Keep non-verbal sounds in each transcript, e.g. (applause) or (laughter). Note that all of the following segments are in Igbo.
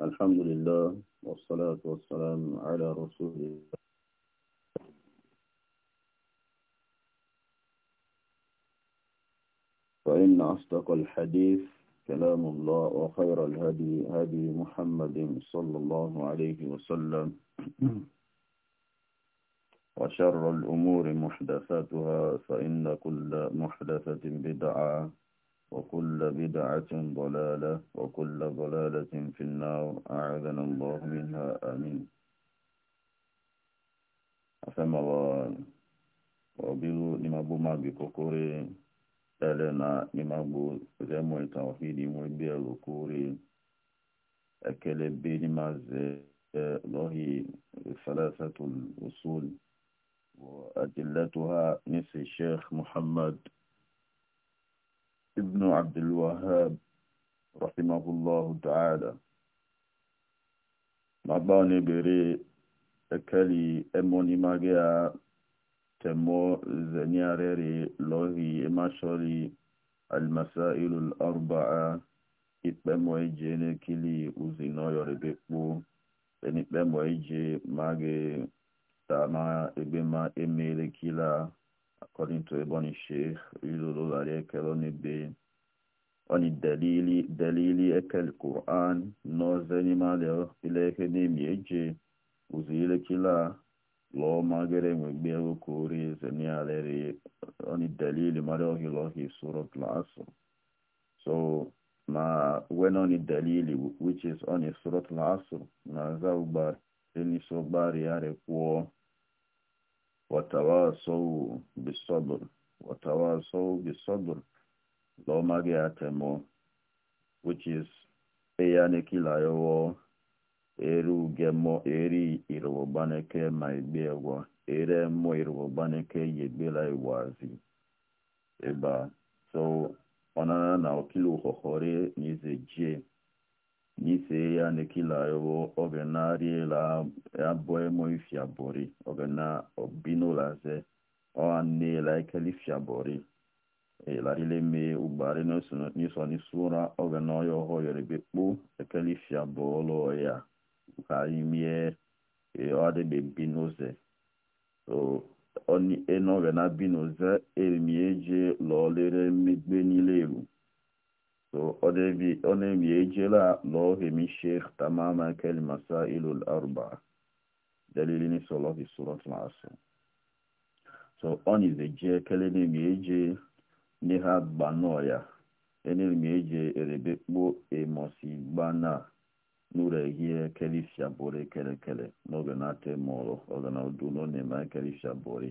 الحمد لله والصلاة والسلام على رسول الله فإن أصدق الحديث كلام الله وخير الهدي هدي محمد صلى الله عليه وسلم وشر الأمور محدثاتها فإن كل محدثة بدعة وكل بدعة ضلالة وكل ضلالة في النار أعذنا الله منها آمين أفهم الله وبيلو نمابو ما بكوكوري ألنا نمابو زمو التوحيد مبيا لكوري أكل بين ما الله ثلاثة الأصول وأدلتها نسي الشيخ محمد ابن عبد الوهاب رحمه الله تعالى مباني بري أكلي أموني ماجيا تمو زنياريري لوهي ماشوري المسائل الأربعة إبمو إجيني كلي وزينو يوربكو إن إبمو إجي ماجي تاما إبما إميلي كلا according to Ebony Sheikh, Yululu Arekel Onibe, Oni Delili, Delili Ekel Quran, Nozeni Maleo, Ilehene Mieje, Uzile Kila, Lo Magere Mwegbeo Kuri, Zeni Aleri, Oni Delili Maleo Hilohi Surat Lasso. So, ma when Oni Delili, which is on Oni Surat Lasso, Naza Ubari, Eni Sobari Arekwoo, وتواصوا بالصبر وتواصوا بالصبر لو ما جاتمو which is eyane kilayowo eru gemo eri irobaneke maigbewa ere mo irobaneke yegbela iwazi eba so onana na okilu hohore nize jie n'ise ya nekila ewo oge na-ariela abo emo ifiabori oge na obinolaze ọhanela ikele ifiabori elarileme ugbari n'iso sura oge na ọya ọhọ yorebe kpo ekele ifiabolo ya ka imie e, ọdịbebinoze enoge na binoze erimieje lọlere mmegbe n'ileru so ọ na-ebi ejela lọhemi sheikh tamama kelmasa ilul arba dalili ni fi sọlọt na-asụ so ọnize je kele na-ebi eje ndị ha gbanọọ ya enemi eje erebekpo emosi gbana n'ureghie kelifia bori e kelekele n'oge na-ate mọrọ oge na udu n'onema e kelifia bori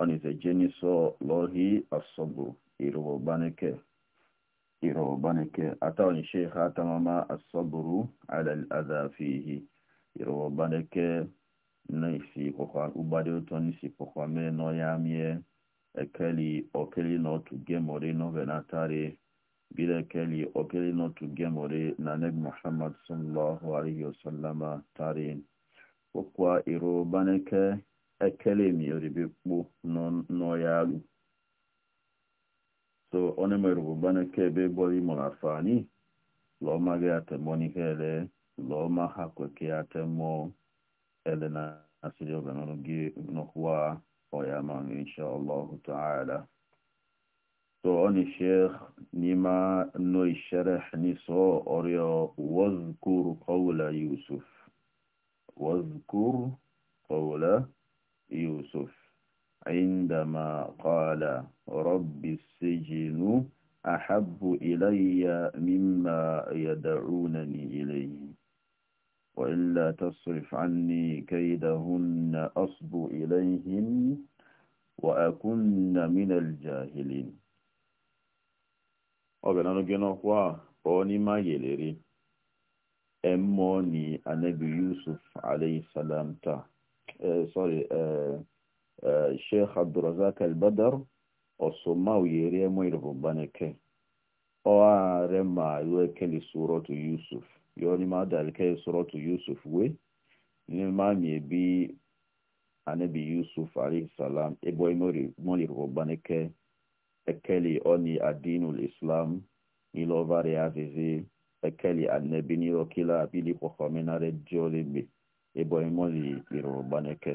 ọnize je n'isọ lọhi asọbụ irubo gbanike يروبانك أتوا الشيخ أتماما الصبر على الأذى فيه يروبانك نيسي كوخا أبادو تونسي كوخا مي نويامي أكلي أكلي نوتو جموري نوفناتاري بلا كلي أكلي نوتو جموري نانب محمد صلى الله عليه وسلم تارين وقوا يروبانك أكلي ميوري بيبو نويالو so onye mere ụgbọ n'eke ebe bọrọ ịmụrụ afani lọọma gị atemọ n'ihe ele lọọma ha kweke atemọ ele na asịrị ọganọrụ gị nọkwa ọya ma insha allahu ta'ala so oni sheikh nima no sharh ni so oryo wazkur yusuf wazkur qawla yusuf عندما قال رب السجن أحب إلي مما يدعونني إليه وإلا تصرف عني كيدهن أصب إليهن وأكن من الجاهلين ọbẹ̀nà lọ́gẹ́nà wà ọ́ ní máa yèlè rí ẹ mọ́ ni anabi yusuf aleyhisselam ta ẹ sọ́rí ẹ. Uh, Eh, sheikh abdurazak albadar osoma uyere mo irobaneke o are ma iwe keli suratu yusuf yo ni ma dal ke suratu yusuf we ni ma mi bi anabi yusuf alayhi salam e boy mori mo irobaneke ekeli oni adinul islam ilo vare azizi ekeli anabi ni okila abili kwa khamena rejole bi e boy mo irobaneke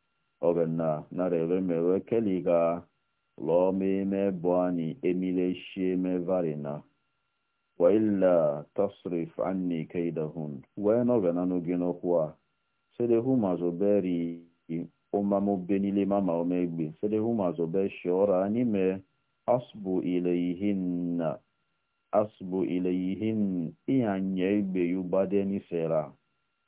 ogena narere mewe keliga lomi me bwani emile shi me varina wa illa tasrif anni kaidahun wa no gana no gino kwa sede huma zoberi umma mo benile mama o megbe sede huma zobe shora ani me asbu ilayhinna asbu ilayhin iyanye igbe yubade ni sera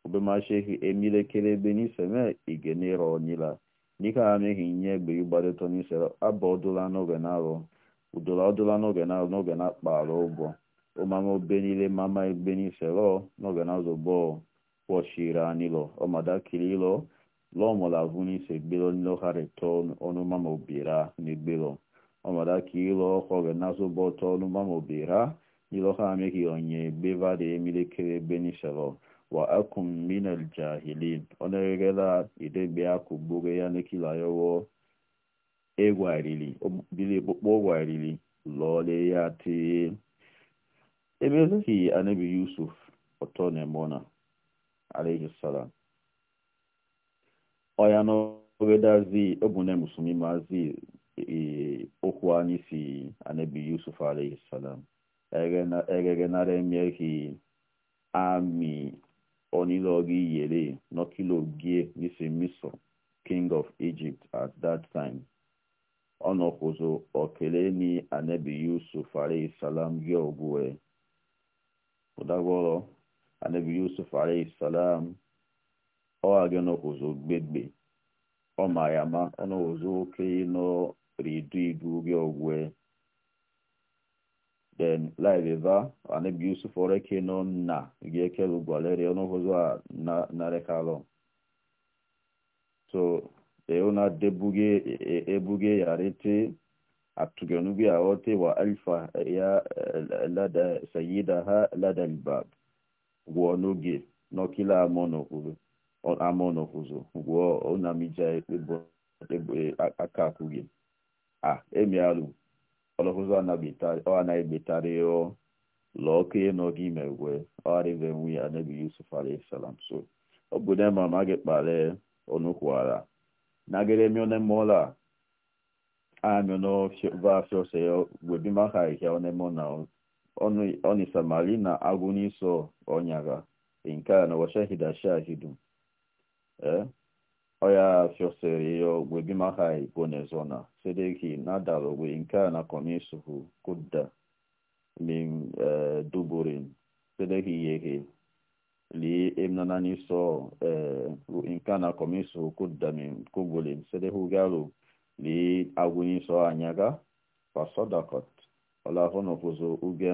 obe ma shehi emile kelebe ni seme igenero nila dịka ha meghị nye egbe ịgbadetọ n'isere abụ ọdụla n'oge na-arụ udola ọdụla n'oge na-arụ n'oge na-akpa arụ ụgbọ ụmama obe niile mama egbe n'isere n'oge na-azụ bọọ kpọchiri anịlọ ọmadakiri ịlọ lọmọlavu n'ise gbelo nlọgharịtọ ọnụmama obira n'egbelo ọmadakiri ịlọ ọge na-azụ bọọ tọ ọnụmama obira n'ịlọha meghị onye egbeva dị emilekere egbe n'isere wa akum minal jahilin onerela idegbe akụ gboro ya n'ekila yowo egwariri bili kpụkpọ gwariri lọọle ya tee emezughị anabi yusuf ọtọ salam, alaihissalam ọya n'ogedazi obune musulmi mazi okwu anyị si anabi yusuf salam, alaihissalam egegenara emeghị ami Onilogi Yere, n'isi Nisimiso, king of Egypt at that time. Onokuzo Okeleni Anebi Yusuf alayhi salam yogwe. Odagwolo Anebi Yusuf alayhi salam o agenokuzo gbegbe. O mayama onokuzo oke no ridu idu yogwe. then ane anabi yusuf oreke no na giekele ugwalere a na narekalo so eona debuge e, e, ebuge yarete atugenuge aote wa alfa ya lada sayidaha lada albab gwonuge nokila amonokuzo amonokuzo gwo onamija ekpebo e, aka akwuge ah emialu ọlọkụzọ ọ anaghịbetarị o lụọ kee n'oge imegwe ọgharịve nwe ya nebi yusuf alayhisalam so ọ bụ ne ma magị kpale onukwara nagere mione mola amio no ọsọ ya webima ha ihe onemo na oni samari na agụ n'iso ọnyaga nke a na washahida shahidu eh oya fiosere yo webi maha ibonezona e, sedeki nadalo nke a na komisuhu kudda min eh, duborin sedeki yeke li emnanani so uh, na komisuhu kudda min kubulin sedehu galo li aguni anyaga fasadakot olahono kuzo uge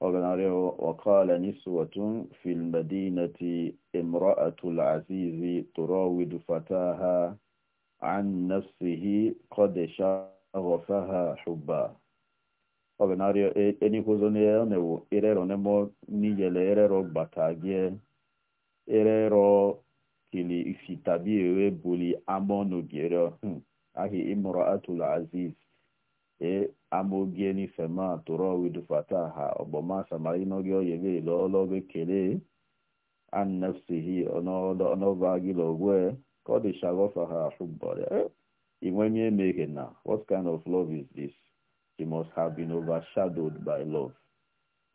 وقالوا وقال نسوة في المدينة امرأة العزيز تراود فتاها عن نفسه قد شغفها حبا وقالوا اني كوزوني انو ايريرو نمو نيجل ايريرو باتاجي ايريرو كيلي افيتابي بولي امونو جيرو اهي امرأة العزيز e amụgieni fema tụrụ widufata ha ọgbọmasa ma ịnọgị oyele lọlọgo kelee annafsihi ọnọva gilogwe kọdịshagofa ha hụbọrọ inwemie e, mehe na what kind of love is this she must have been overshadowed by love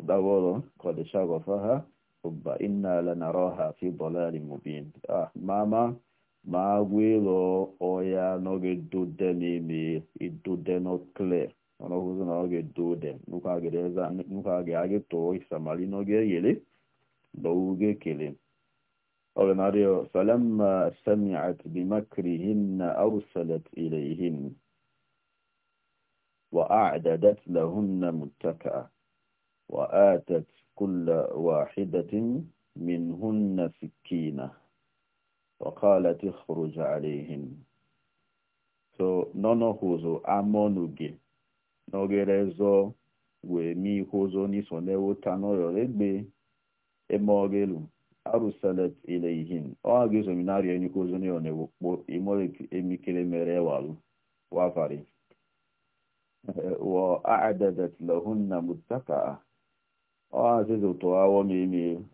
daworo kọdịshagofa ha hụba inna lanaraha fi bọlari mubin ah mama ma gwelo oya n'oge dode n'ime idode n'okle ọnụ ọhụzụ na oge dode nukwa ga agị tụọ isamali n'oge yele n'oge kele ọrụ narịọ falamma sami'at bi makrihinna arsalat ilayhin wa a'dadat lahunna muttaka'a wa atat kulla wahidatin minhunna sikkinah وقالت اخرج عليهم so nono huzo amonuge nogerezo wemi huzo nisonewo tanoyo legbe emogelu arusalat ilayhim oagizo minario ni e huzo ni onewo po imole emikele merewalu wafari wa (laughs) a'dadat lahunna muttaqa'a oazizo toawo mimi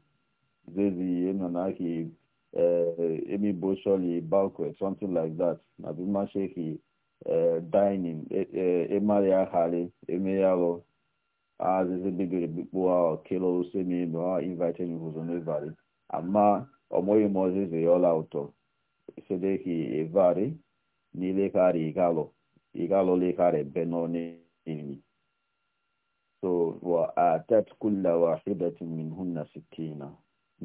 zezi yenanaki Eh, maybe brochure banquet something like that na bima sheki eh, dining eh, emari ahari emeyalo azizi bibiri bikpo ahụ kele osemi ma ha invite nyuhuzo n'evari ama ọmụghị m ọzịzi ya ọla ụtọ sedeki evari n'ilekari igalo igalo lekari benoni ilmi so wa atat kulla wahidatin minhunna sittina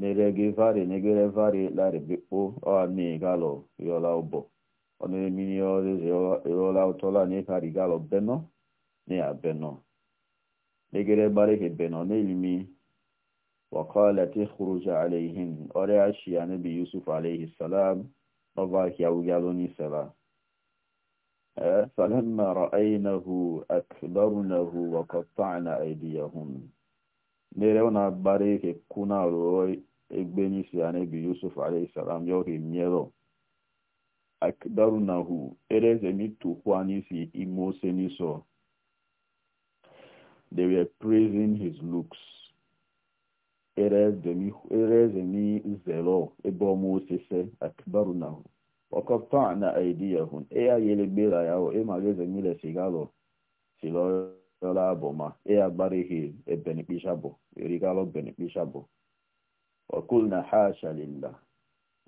merege vari negere vari lari bikpo oa mi galo yola obo ono emini ore yola otola ne kari galo beno ne abeno negere bare ke beno ne ilmi وقالت اخرج عليهم أرعش يا نبي يوسف عليه السلام نباك يا وقالوني سلام فلما رأينه أكبرنه وقطعنا أيديهم nere una bare ke kuna ro egbeni si anabi yusuf alayhi salam yo ke miero akdarunahu ereze mitukwu anisi imo seniso they were praising his looks ereze mi zero ebe ọma osise akbarunahu ọkọta na aidiyahun eya yelegbera yawo emaga eze mi le sigalo silọrọ ọla abụ ma ịya e gbara ihe ebenikpishabụ erigalụ benikpishabụ ọkul na ha shalila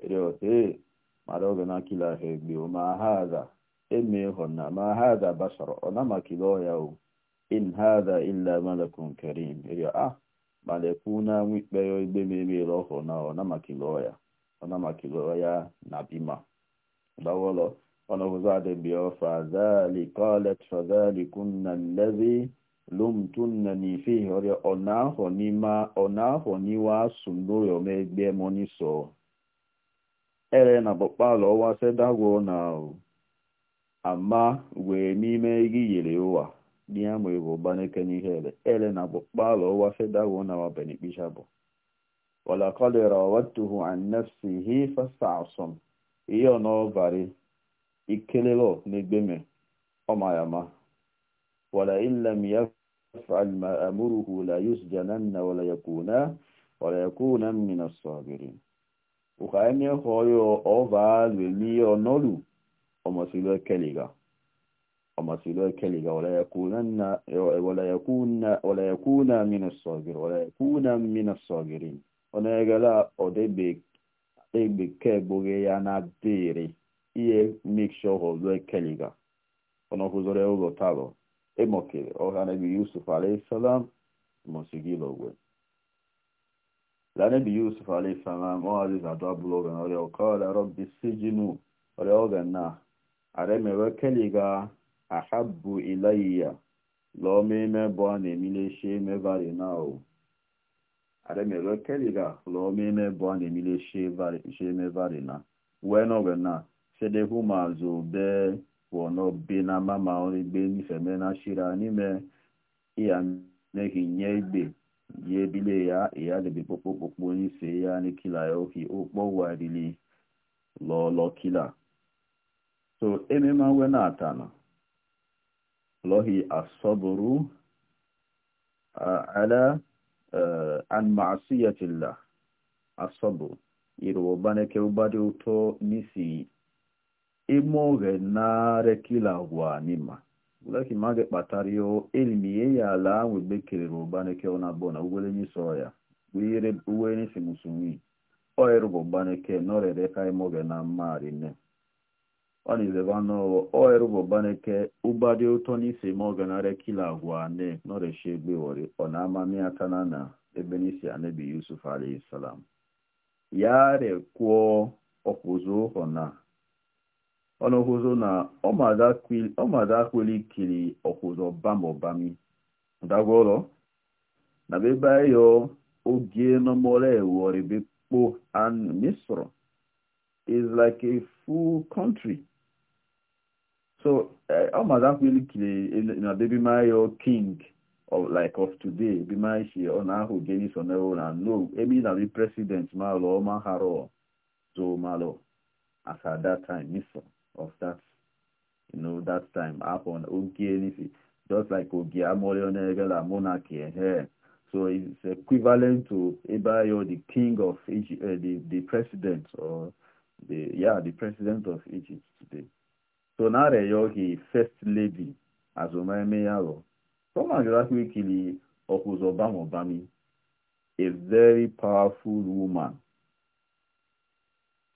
eriọta e mara oge na kila ha egbe ma ha ada eme ịhụ na ma ha ada basara ọ namakila ọya o in ha ada illa malakun karim eriọ a malekwu na nwikpe ya egbe mebere ọhụrụ na ọ namakila ọya ọ namakila ọya na bima gbawọlọ ونغزاد بيو فذلك قالت فذلكن الذي لمتنني فيه وري أناه نما أناه نوا سندور يوم بيموني سو أرنا بقبال أو سدعو ناو أما ومي ميجي يليوا نيامو يغبان كني هذا أرنا بقبال أو سدعو ناو بني بيشابو ولقد راودته عن نفسه فاستعصم إيه نوفاري ikelelo n'egbeme ọmayama wala illam yaf'al ma amuruhu la yusjananna wala yakuna wala yakuna min as-sabirin ukhayne khoyo ovalwe liyo nolu omasilo ekeliga omasilo ekeliga wala yakunanna wala yakuna wala yakuna min as-sabirin wala yakuna min as-sabirin onegala odebe ebe kegboge ya na dere ihe mikshọ ọzọ ekeliga ọnọkụzọrọ ụlọtalọ emokere ọhanebi yusuf alayhisalam mosigilogwe lanebi yusuf alayhisalam ọhaziz adọbụlọga ọrịa ọkọọrịa rọbi sijinu ọrịa oge na aremewe keliga ahabu ilaiya lọmeme bụ a na-emileshe mevari na o aremewe keliga lọmeme bụ a na-emileshe mevari na wee n'oge na sedehu ma zobe wono bina mama origbe nifeme na shira n'ime iya nehi nye igbe ye bile ya iya debe popo popo nise ya ni kila ya ohi okpo warili lolo kila so emema we na atana lohi asoburu ala an ma'asiyatillah asoburu irobaneke ubadi uto nisi imonge nare kila gwanima ulaki mage patario elimi yeye ala webekelera ogbaneke onabona ugwelenyi soya wire uweni simusumi oerugo gbaneke norereka imoge na mmari ne onizevanowo oerugo gbaneke ugbadi ụtọ n'isi imoge nare kila gwane noreshi egbewori ona amami atana na ebe n'isi anebi yusuf alayhisalam yare kwuo ọkwụzụ ụhọ na ọnụ hụzụ na ọmada kweli kiri ọkwụzọ bam ọbami dagwọrọ na beba yo oge nomore wọrịbe kpo and misro is like a full country so eh, ọmada kweli kiri na bebima yo king of like of today bima ishi ọ na-ahụ geni na no emi na be president malụ ọma haro zo malụ as at that time misro of that, you know, that time happened. Okay, anything just like Ogie Amorionegela monarchy here. Eh, eh. So it's equivalent to Ebayo, the king of Egypt, uh, the, the president or the, yeah, the president of Egypt today. So now the first lady, as Omayemeyaro, from Agrafiki Kili, Okuzobam Obami, a very powerful woman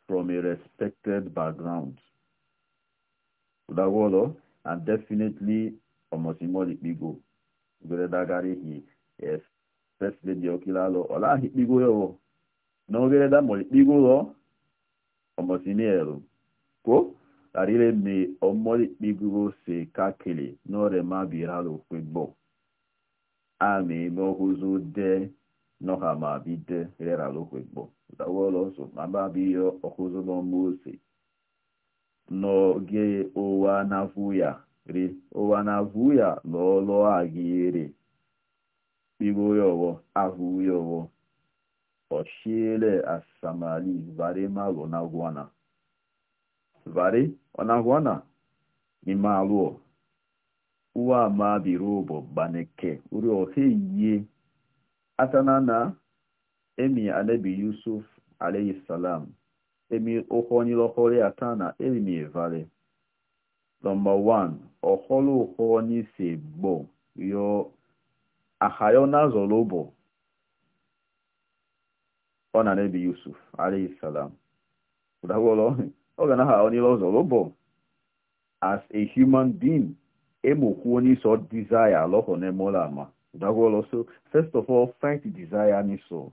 from a respected background dagwolo and definitely omosimoli kpigo gwere dagara ihi yes first lady okilalo ọla ahụ ikpigo yowo na ogere damoli kpigo lo omosimielu kwo arire mi omoli kpigo se kakili. n'ore ma biralo kwegbo ami eme ohuzu de noha ma bide reralo kwegbo dagwolo so ma ba biyo ohuzu n'ọmụ ose n'oge ụwa na-avụ ya ri ụwa na-avụ ya n'ọlụ agịrị kpigo ya ọwọ avụ ya ọwọ ọchiele asamali vare malụ na gwana vare ọna gwana ime alụọ uwa ma biri ụbọ gbaneke uri ọha iye atana na emi anabi yusuf alayhi salam emi ohonilokore atana elimi evale number one oholo ohoni sebo yo ahayo nazolobo ona nebi yusuf alayhi salam udawolo (laughs) ogana ha onilozolobo as a human being emokwu onye so desire aloho nemolama udawolo so first of all fight desire ni so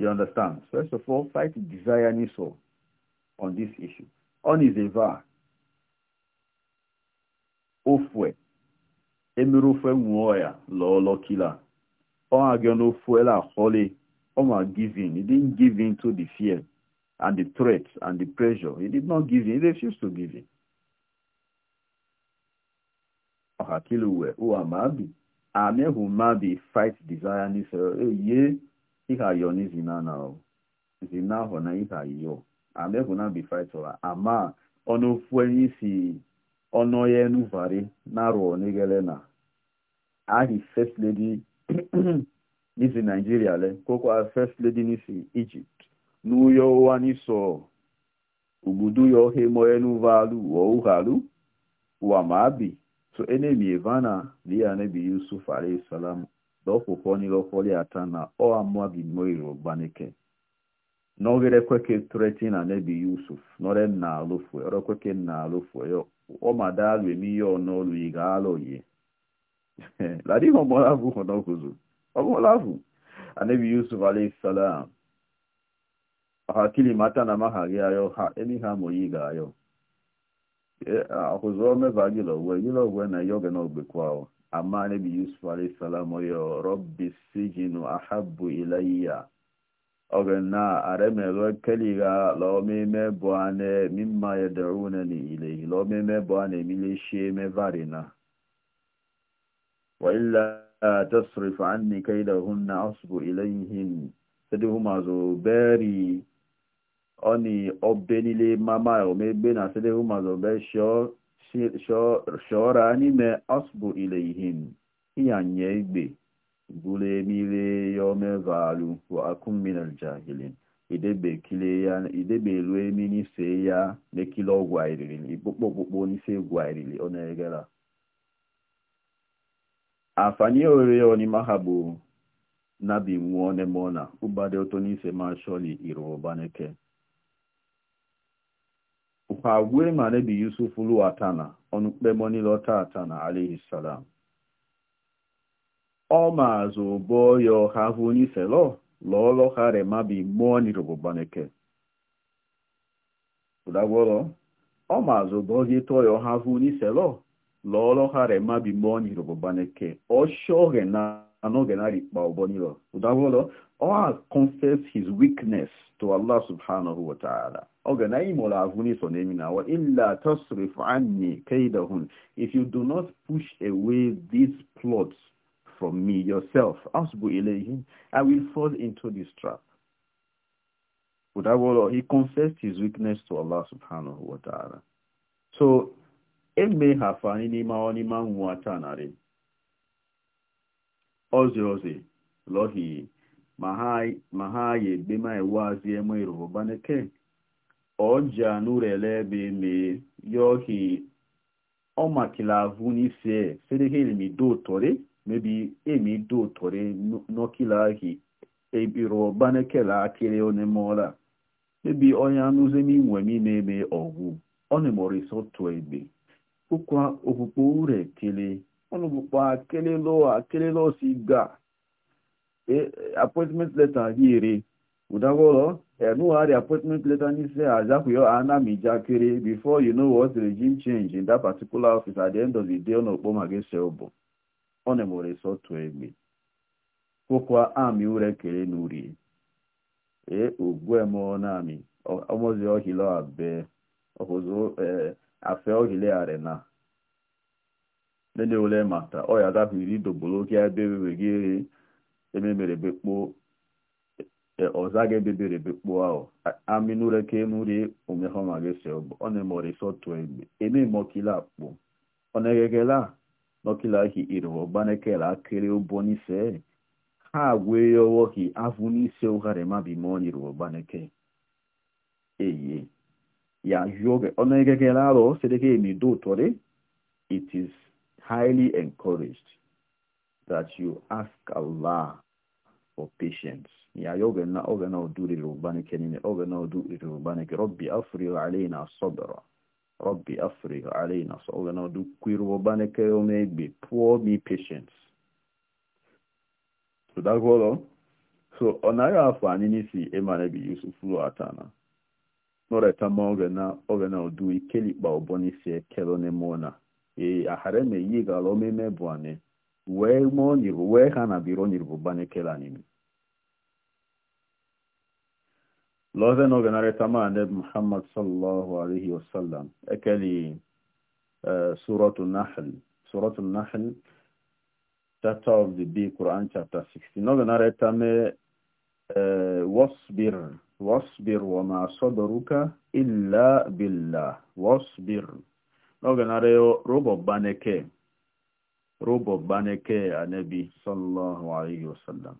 You understand? First of all, fight desire niso on this issue. On is eva. Ofwe. Emirofwe mwoya lolo kila. On again ofwe la holy. On are giving. He didn't give in to the fear and the threats and the pressure. He did not give in. He refused to give in. Ọ̀hàkìlù wẹ̀ ó àmàbì. Àmì ẹ̀hùn máa bì fight desire niso. Ẹ yé. ihe ayọ ni zina na o zina ahụ na ihe ayọ amegwu na bifaitora ama ọnụ ofu enyi si ọnụ ya enuvari narụ n'igele na ahi first lady (clears throat) n'isi nigeria le kokwa first lady n'isi egypt n'uyo ụwa n'iso ugudu ya hemo enuvalu wa uhalu wa maabi so enemi evana liya nebi yusuf alayhi salam lọfụfọ n'ilọfọli ata na ọ amụagimo yoruba n'ike n'ogerekweke tretin na nebi yusuf nọrọ nọre na alụfue ọrekweke na alụfue ọmadalụ emihe ọnọlụ ị ga-alụ ye ladịghị ọmọlavụ ọnọgụzụ ọmọlavụ anebi yusuf ala isalam hakili mata na mahaghị ayọ ha emiha moyi ga-ayọ ahụzụ omevagilọwe gilọwe na oge na ogbekwa ahụ amma nabi yusuf alayhi salam oyo rabbi sijinu ahabbu ilayya oge na aremelo keliga lomeme buane mimma yad'unani ilayhi lomeme buane milishe me varina wa illa tasrif anni kaydahunna asbu ilayhin sadihuma zo beri oni obenile mama o megbe na sadihuma zo be sure shọọrọ anyị mee asbụ ileihim nye igbe bụrụ emire ya omevalu bụ akụmminal elu emi n'ise ya mekile na airiri ikpokpo okpukpo n'ise egwu ọ na afanye orire onima ha bụ nabi nwụọ nemona ụbadị ụtọ n'ise ma shọli irobaneke kwagwe ma nabi yusuf lu atana onu kpemo ni lota atana alayhi salam ọ maazụ bo yo ha hu ni selo lo lo hare ma bi mo ni robo baneke udagworo ọ maazụ bo gi to yo ha hu ni selo lo lo hare ma bi mo ni robo baneke o shoge na anoge na ri pa obo ni lo udagworo all confess his weakness to allah subhanahu wa ta'ala Oga imola avuni na wa illa tasrif anni kaidahun. If you do not push away these plots from me yourself, asbu ilayhim, I will fall into this trap. But Allah, he confessed his weakness to Allah subhanahu wa ta'ala. So, eme hafani nima onima nwatanare. Ozi ozi, lohi, mahai yegbe ma ewazi emo irubo baneke. ọja n'ụrẹ̀lẹ̀ ebe me yọhi ọmakila avụ n'isi e sedehe elimi dotore mebi emi dotore n'ọkila ahi ebiro banekela akịrị onemola mebi onye anụzemi nwemi na-eme ọgwụ ọnemọrịsọ tụ ebe kele e, appointment letter Udagolo, ụlọ eh, new had the appointment letter and he said, Azakuyo Anami Jakiri, before you know what the regime change in that particular office at the end of the day, on Obama against Elbo. Onemore so to me. Kokwa Ami Urekere Nuri. E eh, Ugwemo Nami, almost your hilo abe, Ohozo, eh, arena. Ole Mata, Oya that we read the bekpo ọzage bebere bekpo ahụ aminure ka emuri omehoma gesi ọgbọ ọ na-emori sọtụ egbe eme mọkila akpụ ọnegegela nọkila hi iruo gbanekela akere ụbọ n'ise ha agwee ọwọ hi avụ n'ise ụghara mabimon iruo gbaneke eye ya yoge ọnegegela arọ sedeke emido ụtọrị it is highly encouraged that you ask Allah for patience يا يوغنا أوغنا ودوري ربانك كنين أوغنا ودوري ربانك ربي أفرغ علينا صبرا ربي أفرغ علينا صبرا أوغنا ودوري ربانك يومي بي poor me so yusufu atana ma ee ahara gara wee ha na biro lọ́sẹ̀ náà gẹ̀nàrẹ́ tamá anẹ́bí muhammad sallallahu alayhi wa sallam ẹkẹ́lì suratu nahl suratu chapter of the day quran chapter sixteen náà tamẹ́ wasbir wasbir wa sọ́dọ̀rúkà illa billah wasbir náà rọ́bọ̀ gbanẹ́kẹ́ rọ́bọ̀ gbanẹ́kẹ́ anẹ́bí sallallahu alayhi wa sallam.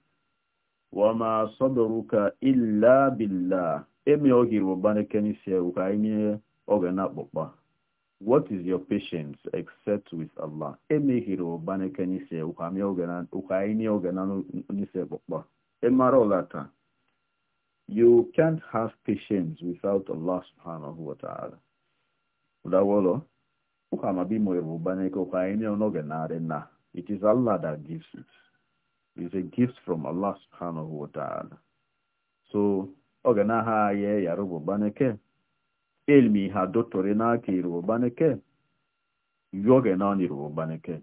wama sọdọruka illa billah emi ohi rubane ụka ka anyị oge na what is your patience except with allah emi hiri rubane ụka anyị oge na nisi akpọkpa emara you can't have patience without allah subhanahu wa ta'ala udawolo ụka mabi mo rubane ka anyị oge na it is allah that gives it is a gift from Allah subhanahu wa ta'ala. So, oge na ha ya yara gbobaneke, ilmi ha dotore n'aka irugbobaneke, you oge na on irugbobaneke.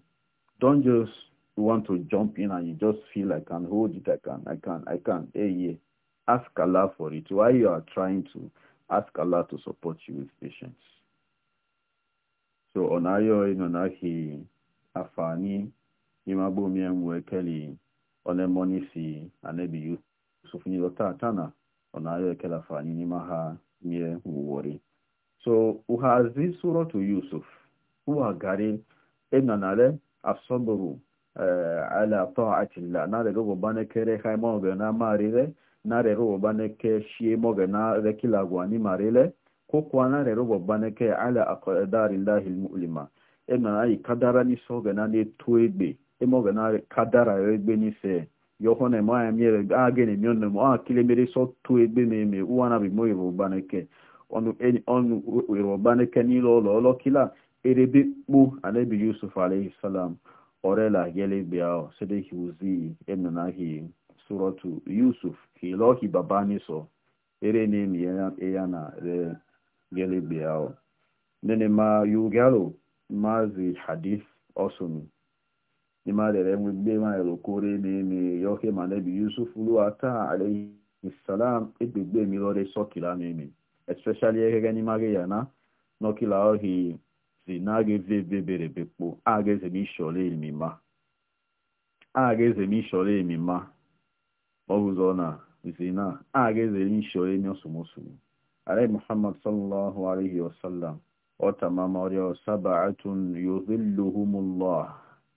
Don't just want to jump in and you just feel I can hold it, I can, I can, I can. Hey, yeah. Ask Allah for it. Why you are trying to ask Allah to support you with patience. So, onayo inonahi afani imagbomi enwe keli one moni si anabi yusuf ni lota tana ona ayo ekela fani ni maha mie uwori so sura suratu yusuf huwa gari ina nale asaburu eh, ala ta'ati llah na daga gobane kere kai mo ga na marile na re gobane ke shi mo ga na re kila gwani marile ko kuwa na re gobane ke ala aqdari almu'lima ina ai kadara ni so ga na ne to egbe emogenari kadara egbenise yohone moya miere agene mionne mo akile mere so tu egbe meme uwana bi moyo baneke onu eni onu ero baneke ni lo lo lo kila erebe kpo anabi yusuf alayhi salam orela yele biao sede hiuzi emnahi suratu yusuf hilohi babani so ere ne mi ya na re yele biao nene ma yugalo mazi hadith osumi awesome. imarere mwigbe ma elokore nemi yoke manebi yusuf luata alayhi salam egbegbe mi lore sokila nemi especially egege ni mage yana nokila ohi zinage vebebere bepo ageze mi shole mi ma ageze mi shole mi ma ohuzona zina ageze mi shole mi osumusumu alayhi muhammad sallallahu alayhi wasallam otamama orio sabatun yudhilluhumullah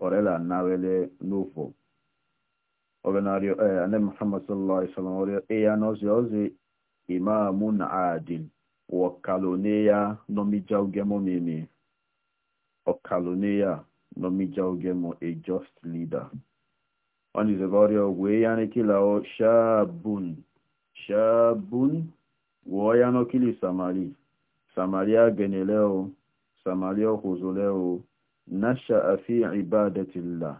orela nawele n'ufo ogenario eh ane muhammad sallallahu alaihi wasallam orio eya nozi ozi imamun adil wakaloneya nomija ugemo mimi okaloneya nomija ugemo a just leader oni zegorio weyane kilao shabun shabun woyano kili samari samaria geneleo samaria huzuleo nasha'a fi ibadatillah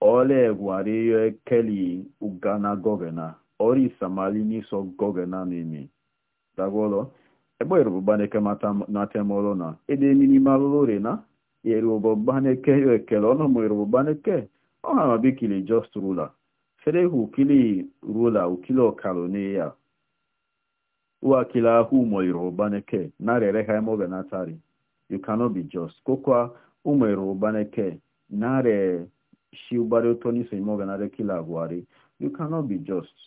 ole gwariyo keli ugana gogena ori samali niso gogena nimi dagolo ebo yoruba baneke natemolo na ede minimalolo rena yoruba baneke yo ekele ono mo yoruba baneke ọha ma bikili just rula ferehu ukili rula ukili ọkalo ne ya uwakila ahu mo yoruba baneke na rere ha emogena tari you cannot be just kokwa umeru baneke nare shiubari otoni soimoga nare kila aguari you cannot be just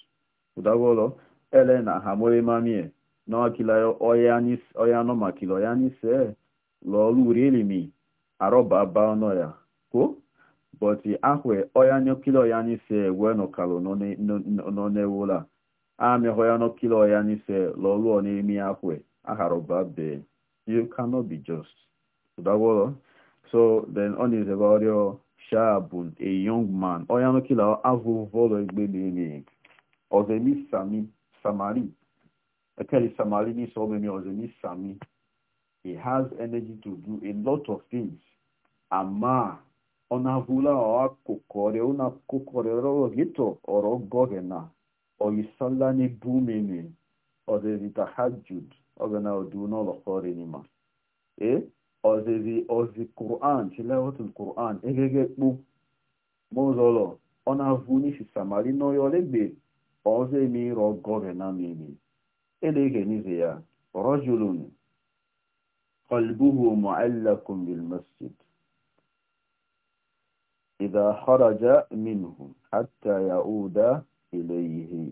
udagolo ele na hamore mamie no akila oyanis oyano makilo oyanis eh lo lurili aroba ba ono ya ko but ahwe oyanyo kilo oyanis eh weno kalo no no ahwe aharoba be you cannot be just udagolo So then on is about your shabun, a young man. Oyano kila avu egbe igbedini. Ozemi sami, samari. Akeli e samari ni so many ozemi sami. He has energy to do a lot of things. Ama ọ na-ahụla una kokore ro gito oro gogena. O yisalla ni bumini. Ozemi tahajjud. Ogena odu no lokore ni ma. Eh? ozizi ozi quran chilewotul quran egege kpu mozolo ọ na-avụ n'isi samari n'ọya olegbe ọzọ eme ire ọgọrị na mmiri elege n'ize ya rojulun qalbuhu mu'allakun bil masjid idha kharaja minhu hatta yauda ilayhi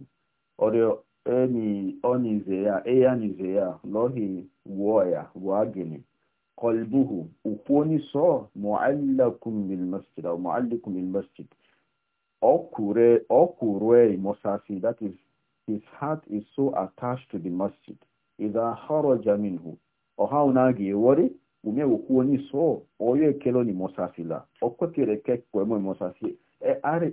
ọrịa eni ọ n'ize ya eya n'ize ya lọhi wụọ ya wụọ gịnị kọlbúhù òpó onísọ mọ̀álìkùn bilmasjid àwọn mọ̀álìkùn bilmasjid ọkùnrin ẹ̀ mọ́sáàsì that is his heart is so attached to the masjid ìdá kharaja minhu ọ̀há ọ̀nà àgè wọ́rẹ́ òmí òkú onísọ ọ̀yọ́ ìkẹlọ́ ni mọ́sáàsì la ọkọ̀tẹ̀rẹ̀ kẹ́kọ̀ọ́ ẹ̀mọ́ mọ́sáàsì ẹ̀rẹ́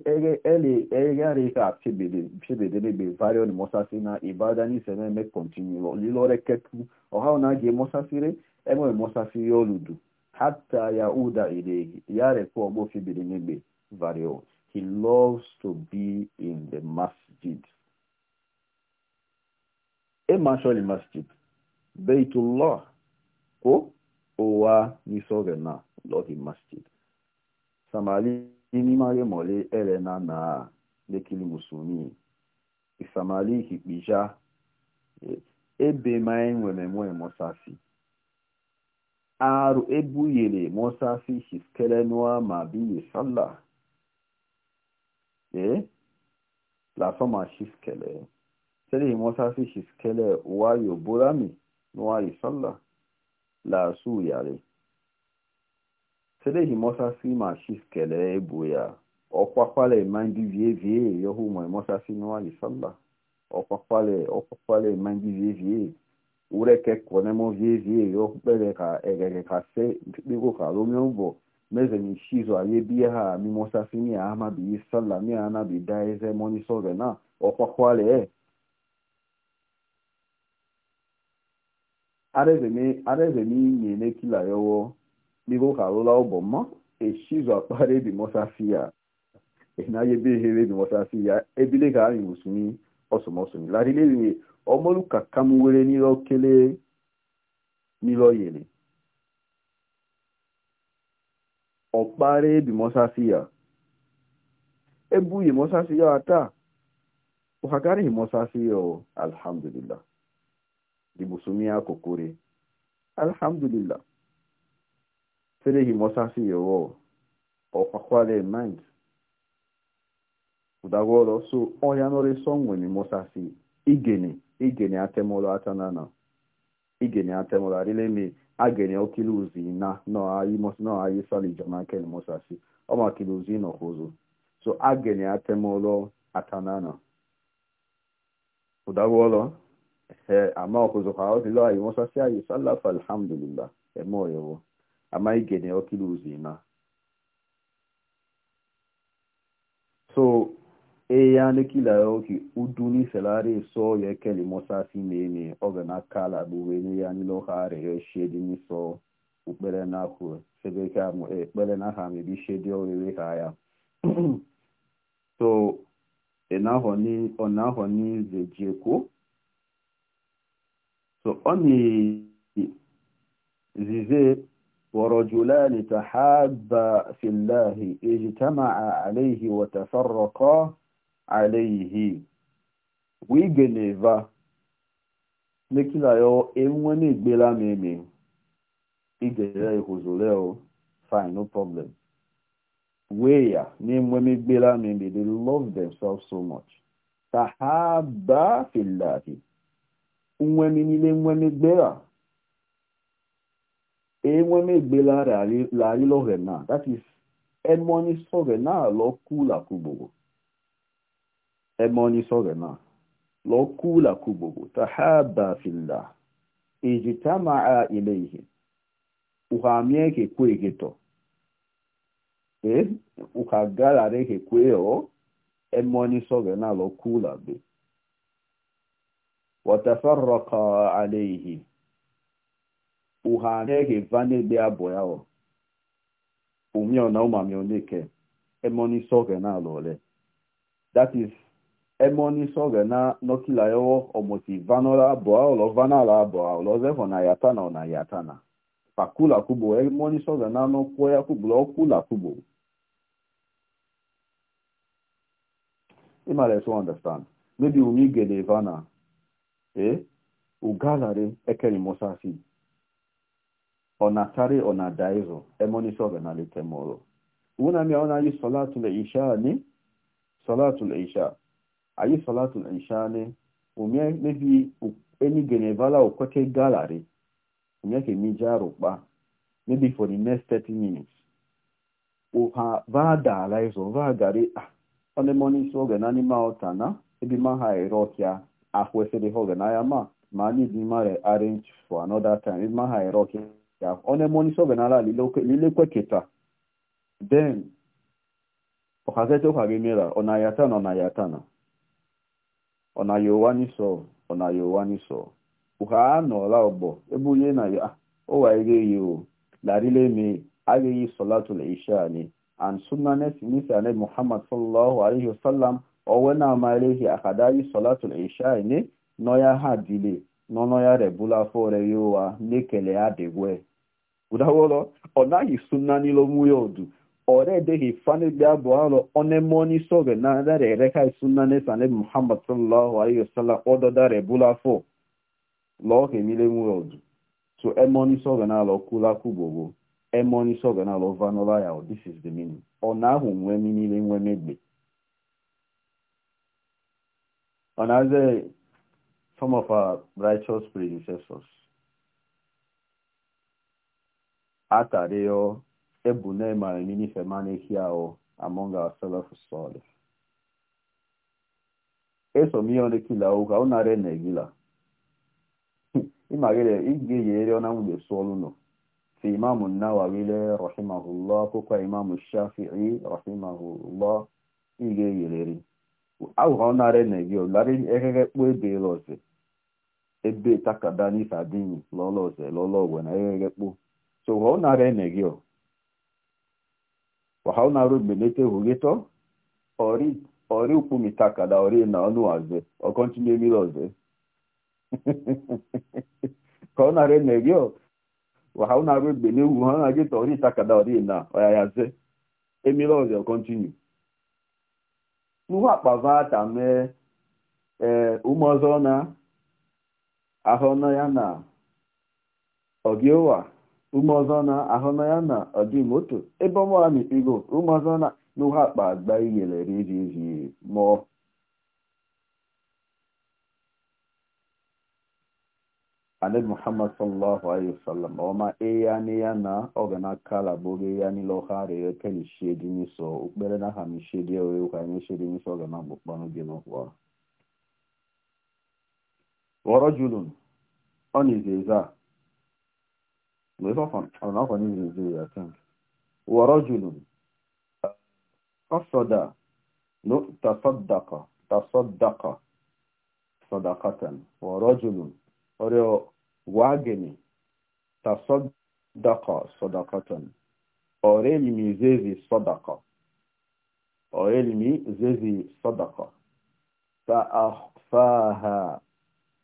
ká àtẹ̀bẹ̀dẹ̀ níbi varion mọ́sáàsì náà ìbádání sẹ́mẹ́mẹ́ continue lílọ́rẹ́ kẹ́kù ọ̀há ọ̀nà àgè mọ́sáàsì rẹ̀ enwe mosafiri oludu hatta yauda ilayhi yare ko mo fibiri ngbe vario he loves to be in the masjid e masholi masjid beitullah ko owa na sogena lodi masjid samali ni mare mole elena na lekili musumi isamali hipija ebe e ma enwe memwe mosafi arụ ebuyere musa fish kelenua ma biye sallah e? la soma shiskele sele musa fish kele wayo burami nuwayi sallah la su yare sele musa fi ma shiskele ebuya ọkwakwale mangi vie vie yohu mo musa fi nuwayi sallah ọkwakwale ọkwakwale mangi vie vie ureke konemo vievie yo bere ka egege ka se bigo ka lomi ubo meze ni shizo aye bie ha mi mosa fini ama bi sala mi ana bi da eze moni sobe na okwa kwale areze mi areze mi nyene kila yowo bigo ka lola ubo ma e shizo apare bi mosa fia e na ye bi hele bi mosa fia ebile ka mi musumi osomo osomi la rile ọmọlú kàkà mú wéré nílọ kélé nílọ yèlè ọ̀párẹ́ ebì mọ́sáfíà ebu yìí mọ́sáfíà ata ọ̀hàkárí yìí mọ́sáfíà alhamdulillah dìbùsùnmí àkókòrè alhamdulillah fẹ́rẹ́ yìí mọ́sáfíà ọ̀ mind ụdagwọrọ so ọhịa nọrọ nwere mọsasị igene igene atemolo atanana igene atemolo arilemi agene okiluzi na no ayi mos no ayi sali jona ken mosasi o ma kiluzi no hozo so agene atemolo atanana udagwolo he ama hozo ha o dilo ayi mosasi ayi sala fa alhamdulillah e moyo wo ama igene okiluzi na so eya nekila oki uduni selari so ye kelimosa si nene oge na kala gbuwe ne ya nilo ha rere shedi niso ukpere na akwu sebeke amụ ekpere na ha mebi shedi oriri ha ya so ọnahọ e n'ize jekwo so ọ zize ورجلان تحابا في الله اجتمعا عليه وتفرقا alayhi wigeneva nekilayo enwe na-egbela m eme igere ihuzoleo fine no problem wee ya na-enwe m egbela m they love themselves so much tahaba fillahi nwe m niile nwe m egbela enwe m egbela larị lọhe na that is ẹmọ ní sọrọ náà lọ kú làkúgbòrò ebe onye isi oge na lọkula kwugbogbo ile ihe ijitamaa ileihi uhamie hekwe geto eh ukagalare hekweo ebe onye isi oge na lọkula be watafarraqa alaihi uhamie hevane be abụ yao umio na umamio nike ebe onye isi oge ala ole that is emoni soga na nokila ya yo omoti vanola boa olo vanala boa olo zevo na na yatana ona yatana pakula kubo emoni soga na no koya kubo kula kubo imale so understand maybe umi gele vana eh ugalare ekeli mosasi onatari onadaizo emoni ọ na ada ịzụ na-adị mmiri una mi ona yi salatul isha ni salatul isha ayi salatul inshane umye maybe any genevala okwete gallery umye ke mija maybe for the next 30 minutes uha vada alaizo vagari ah on the morning so ga nani ma otana ebi ma ha erokia ahwesere hoga na ya ma ma ni di ma arrange for another time ebi ma ha ga na la ọna ya ụwa n'iso ọna ya ụwa n'iso ụha anọla ọgbọ ebe onye na ya ụwa ire ya o larile me agaghị solatul isha ni and sunnanes nisa ne muhammad sallallahu alaihi wasallam owe na amarehi akadari solatul isha ni nọya ha dile n'ọnụ ya rebula afọ ore ya ụwa n'ekele ya dịgwe ụdawolo ọ naghị sunna n'ilomu ya ọdụ. already he funded Gabualo on a money so that a reka sunnanes Muhammad sallallahu alayhi wa sallam order that a bula for. So a money kula kubogo. A vanola. This is the meaning. Or now whom we meaning we some of our righteous predecessors, ebune marimini femane hiao oh, among our self solid. Eso mio ne kila uka oh, una rene gila. Imagine igi yere ona mbe soluno. Fi Imam Nawawi rahimahullah ko kwa Imam Shafi'i rahimahullah igi yere. Au ha ona rene gyo lari ekeke kwe belose. Ebe takada ni sadini lolose lologwe na ekeke kwe. So ha ona rene wahauna rogbelete hugeto ori ori upumitaka da ori na onu aze o continue miloze (laughs) kona re negio wahauna rogbele uhana geto ori taka da ori na oyayaze emiloze ee na ahụ ya na ọgị ume ọzọ na-ahụ na ya na ọdị moto ebe ọmụra na ikpego ume ọzọ na n'ụha akpa agba iyere riri ri mụọ anib muhammad sallallahu alaihi wasallam ọma eya ni ya na ọga na kala boge ya ni lo ha re ke ni shedi ni so ukbere na ha mi shedi o ka ni shedi ni so ga na bo panu ge no wa wa rajulun eze a. It's not on, I'm not on easy, I think. ورجل قصد تصدق تصدق صدقة ورجل أريو واجني تصدق صدقة أريلمي زيزي صدقة أريلمي زيزي صدقة فأخفاها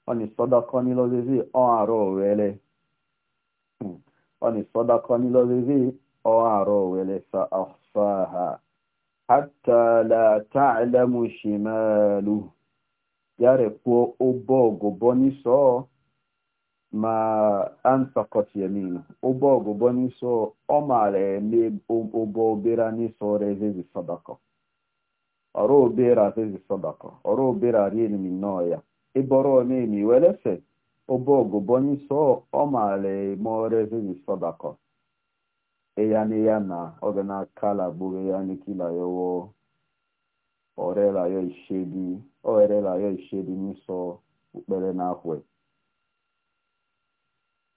أني صدقة نيلو زيزي أعرو ويلي ọ sodakoni lovivi sa aro wele fa ahsaha hatta la ta'lamu shimalu yare po obogo boni sọ ma anfaqat yaminu obogo ọ so o mare me obo obera ni so revivi sodako oro obera revivi sodako oro obera mi obogo bonye so omale morezini sodako eyani yana ogena kala buge yani kila yowo orela yo ishedi orela yo ishedi niso ukpere na akwe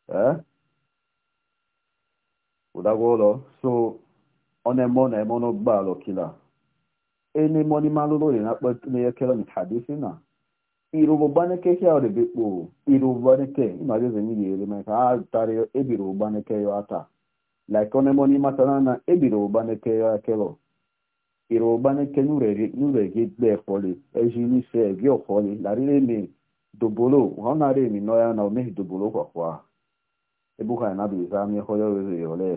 eh udagwolo so onemo na emono gbalo kila eni moni malolo ni na pe ni ekelo ni hadisi na irugbanike ya oribikpo irugbanike imagezi mmiri ere ma ka ha zụtara ebiri ụgbanike ya ata like onemoni matana na ebiri ụgbanike ya kelo irugbanike nuregi depoli ejiri se egi ọfọli larịrị emi dobolo ọ nara emi nọya na omeghi dobolo kwakwa ebuha ya nabi iza amị hoya were ole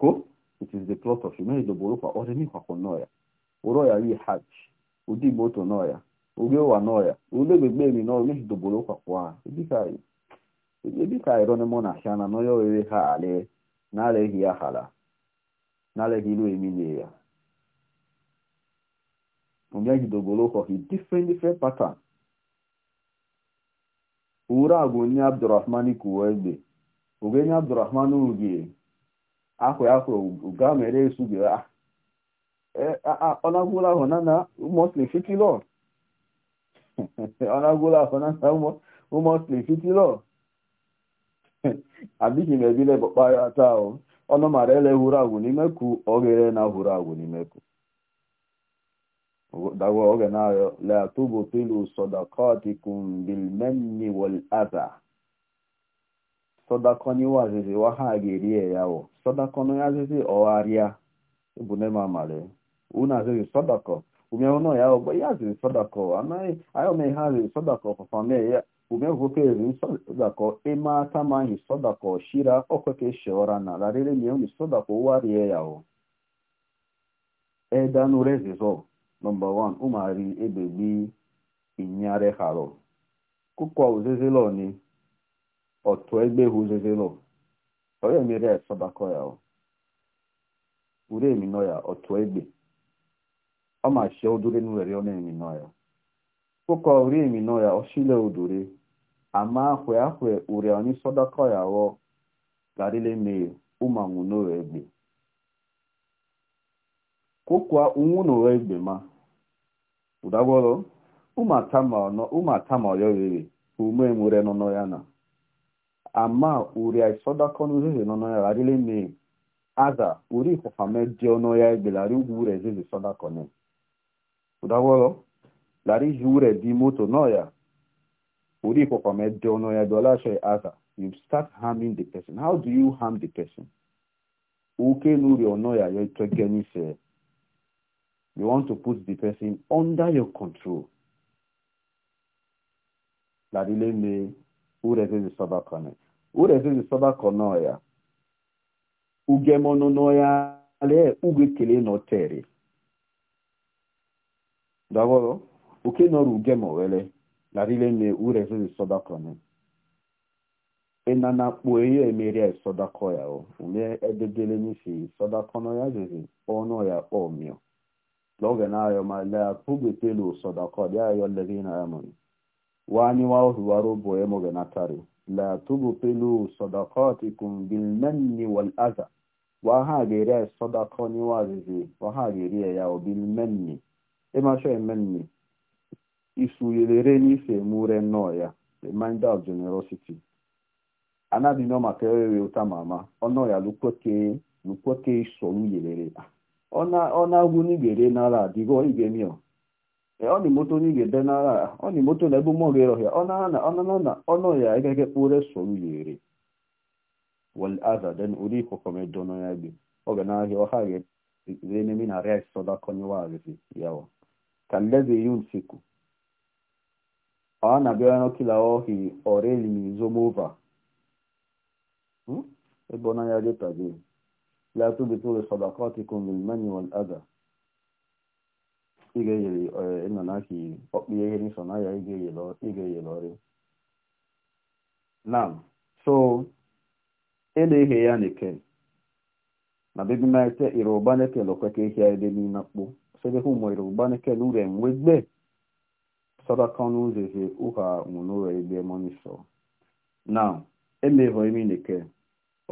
ko it is the plot of omeghi dobolo kwa ọdịnihu kwakwa nọya ụrọ ya yi hajj ụdị igbo otu nọya oge ụwa n'ọya ule gbegbe eri n'ọrụ n'ihi dobolo kwakwa ebika e, e ironemo e na ahịa na n'ọya orire ha ale na-aleghị ya hala na-aleghị ilu emilie ya onyeghị dobolo kwakwa different different patan ure agụ onye abdurrahman kuwa egbe oge onye abdurrahman uge akwa akwa ga mere esu gị ọnagwụla ahụ na na ụmụ muslim fitilọ ọnagwụla afọnasa ụmụọsịrị fitilọ adịghị m ebile kpọkparịta ahụ ọnụ mara ele hụrụ agwụ ku oghere na hụrụ agwụ ku. Dagwa oge na-arịọ leatụbụ pilu sọdakọtikum bilmenni wal ada sọdakọni wazizi wa ha ga-eri ya wụ sọdakọni azizi ọgharịa ebunema amale unu azizi sọdakọ umeona yao bayazi sadako anai e, ayo me hazi sadako fafame e, ya ume vokezi sadako ema tamahi sadako shira okweke shorana larele nyeo ni sadako warie yao eda nurezi zo number 1 umari ebebi inyare halo kukwa uzezelo ni otu egbe uzezelo oyo mere sadako yao uremi noya otu egbe ọ ma shi odure nwere ọ na-emino ya ụkọ ri emino ya ọchile odure ama ahwe ahwe ure onye sọdakọ ya ghọ garile mee ụmanwụ egbe. kụkwa unwu na egbe ma ụdagwọrọ ụmụatama ọyọrere ume nwere nọnọ ya na ama ure sọdakọ n'uzuzu nọnọ ya garile mee aza uri kwafame dị ọnụ ya egbelari ugwu ure ezizi sọdakọ na ụdagwọrọ lara iji ure di moto n'ọya ụdị ịkpọkọmede ọnụ ya dọlashe aza you start harming the person how do you harm the person oke n'uri ọnọya ya itogenise you want to put the person under your control larile me urezezi sọbakọnọ urezezi sọbakọnọ ya ugemonụ n'ọya ale ugekele n'otere dawolo uke noru ugemo wele larile ne ure zuri soda kone ena na kpoeye emeri a soda koya o ume ededele nisi soda kono ya zizi ono ya omio loge na ayọ ma le akubetelu soda kodi ayo levina amoni wani wa ohiwaro bo emoge na tari la tubtilu sadaqatikum bil manni wal adha wa ha gere sadaqa ni wazizi wa ha gere ya bil manni emasho emenni isuyelere n'ife emure nnọọ ya the minder of generosity anadị n'ọmaka ewewe ụta mama ọnọ ya lukweke lukweke isolu yelere na agwụ n'igere n'ala adịgo igemio ọnị e moto n'igede n'ala ọnị moto na ebe ụmụ gere ọhịa ọnụ ya egege kpụre solu yelere wal aza den uri kokome dono ya gbe oge n'ahịa ọha gere n'emi na ria isoda konyewa agịzi yawa kalezi yumsiku ana biano kila ohi oreli mizomova hmm? ebona ya leta je la tubitu li sadaqatikum bil mani wal adha igeyeli enanaki okpiyeheni sonaya igeyelori nam so eleghe ya neke na bebima ete iroba neke lokweke ihe ebe n'ime akpụ sebehu mwere ubanekele ure mwegbe sadakanu zeze uha munure igbe moniso now emeho emineke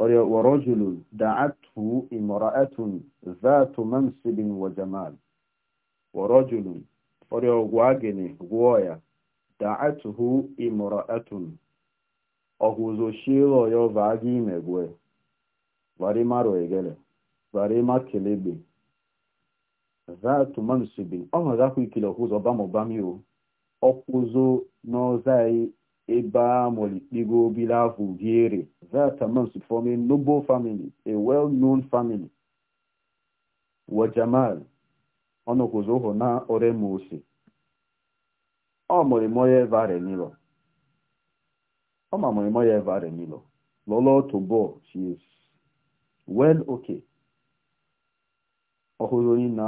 ọrịa warojulu da'atu imra'atun zatu mansibin wa jamal ọrịa ogwagene gwọya da'atuhu imra'atun ọgwụzoshilo ya ọva aga imegwe varima zaa zatu mansibi ọ nọzakwa ikele ọkụzọ ọbamọbami o ọkwụzo anyị ebe amọlikpigo obila afọ ugiere zata mansi from a noble famili a well-known family wajamal ọnọkwụzọ ụhụ na oremose ọ mụrịmọya eve arenilo ọ ma mụrịmọya eve arenilo lọlọ tobo she is well okay ọhụrụ onye na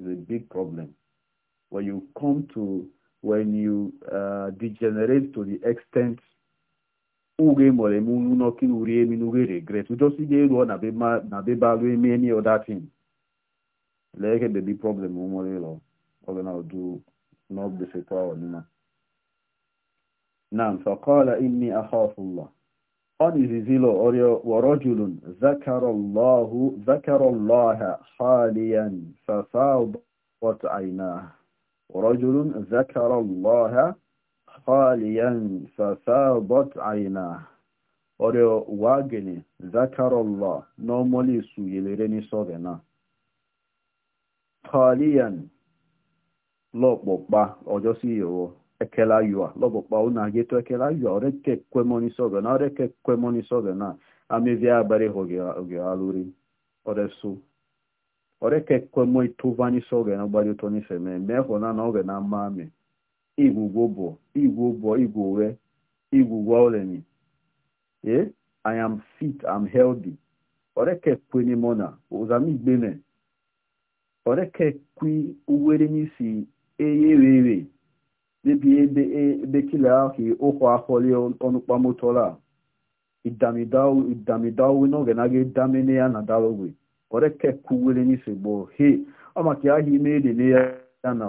is a big problem. When you come to, when you uh, degenerate to the extent, regret. We just see the any other thing. Like the big problem, oh, or gonna do not the power. Now, فقال إني أخاف الله onizizilo orio warajulun zakarallahu zakarallaha haliyan fafadat aynah warajulun zakarallaha haliyan fafadat aynah orio wageni zakarallah normally su yelere ni sogena haliyan lọ́pọ̀ pa ọjọ́ sí ìyẹ̀wọ̀ ekele ayụa lọbụkpa ụna gị eto ekele ayụa oreke kwemonisi ọgana oreke kwemonisi ọgana amevia agbara ogeghalụri oresu oreke kwemo itovanisi ọgana gbara ụtọ n'ife me mee hụna na ọgana ama amị igwugwo bụ igwu bụ igwu we igwugwo olemi ee i am fit am healthy oreke kwenimona ụzamigbe me oreke kwi uwere n'isi eyereere dibia ebekile ahụ ụkwụ ahọli ọnụkpamụtọla idamidawi n'oge na ga na ya na dalogwe orekekuwere n'isegbo he ọmaka ahịa ime elele ya na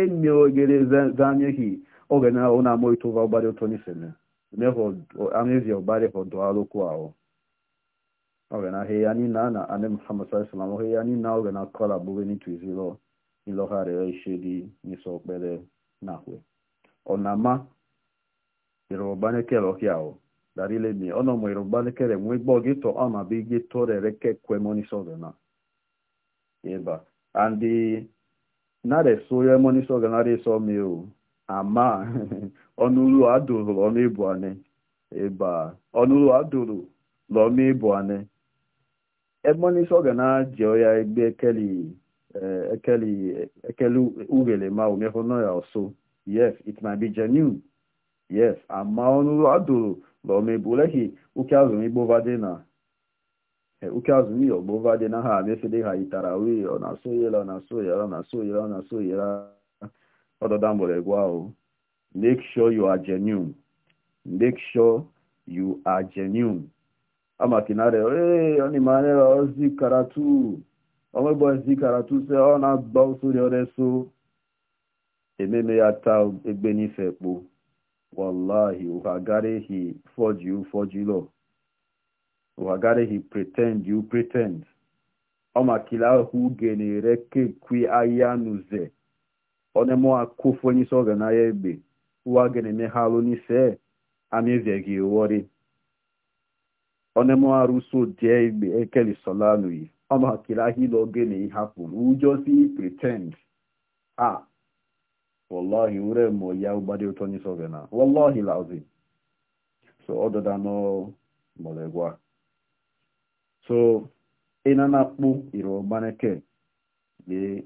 emi ogere zanyeghị oge na ọ na-amụ itova ọgbara na ya a na ane muhammad sallallahu alaihi wasallam ohe ya niile oge na kọla bụrụ n'ituzilọ n'isi nakwe ọnama irobanekele ọhịaụ darilemi ọnọmụ irobanekele nwe gbọ gị tọ ọma bụ ịba andị narị soye ama ọnụlu adụrụ ọma ịbụ anị ịba ọnụlu adụrụ keli Eh, ekeli ekelu ugele ma umehono ya also yes it might be genuine yes ama ọnụrụ adụrụ na omebụlehi uke azụm igbovade na uke na ha amefede ha yitara wee ọ na-asụ yela ọ na-asụ yela ọ na-asụ yela ọ na-asụ yela ọdọda mgbere gwa ahụ make sure you are genuine make sure you are genuine amakinare ee eh, ọ na-eme anya ọzi karatu onwe bozi karatu se ọ na-agba usoro ọreso ememe ya taa egbe n'ife kpo wallahi uhagarehi forge you forge you law uhagarehi pretend you pretend ọmakila ahụ genere kekwi ahịa n'uze onemo akụfo n'isi oge na ya egbe uwa geneme ha alụ n'ise amevieghị wori onemo arụso die egbe ekelisolanu yi ahịa ọ nọghakiri ahịrị ogene ịhapụrụ ujosi pretend a wallahi were mo ya ugbadi ụtọ nye sọgị na wallahi lazi so ọ dọda n'ọmọlegwa so ị na na-akpụ iro na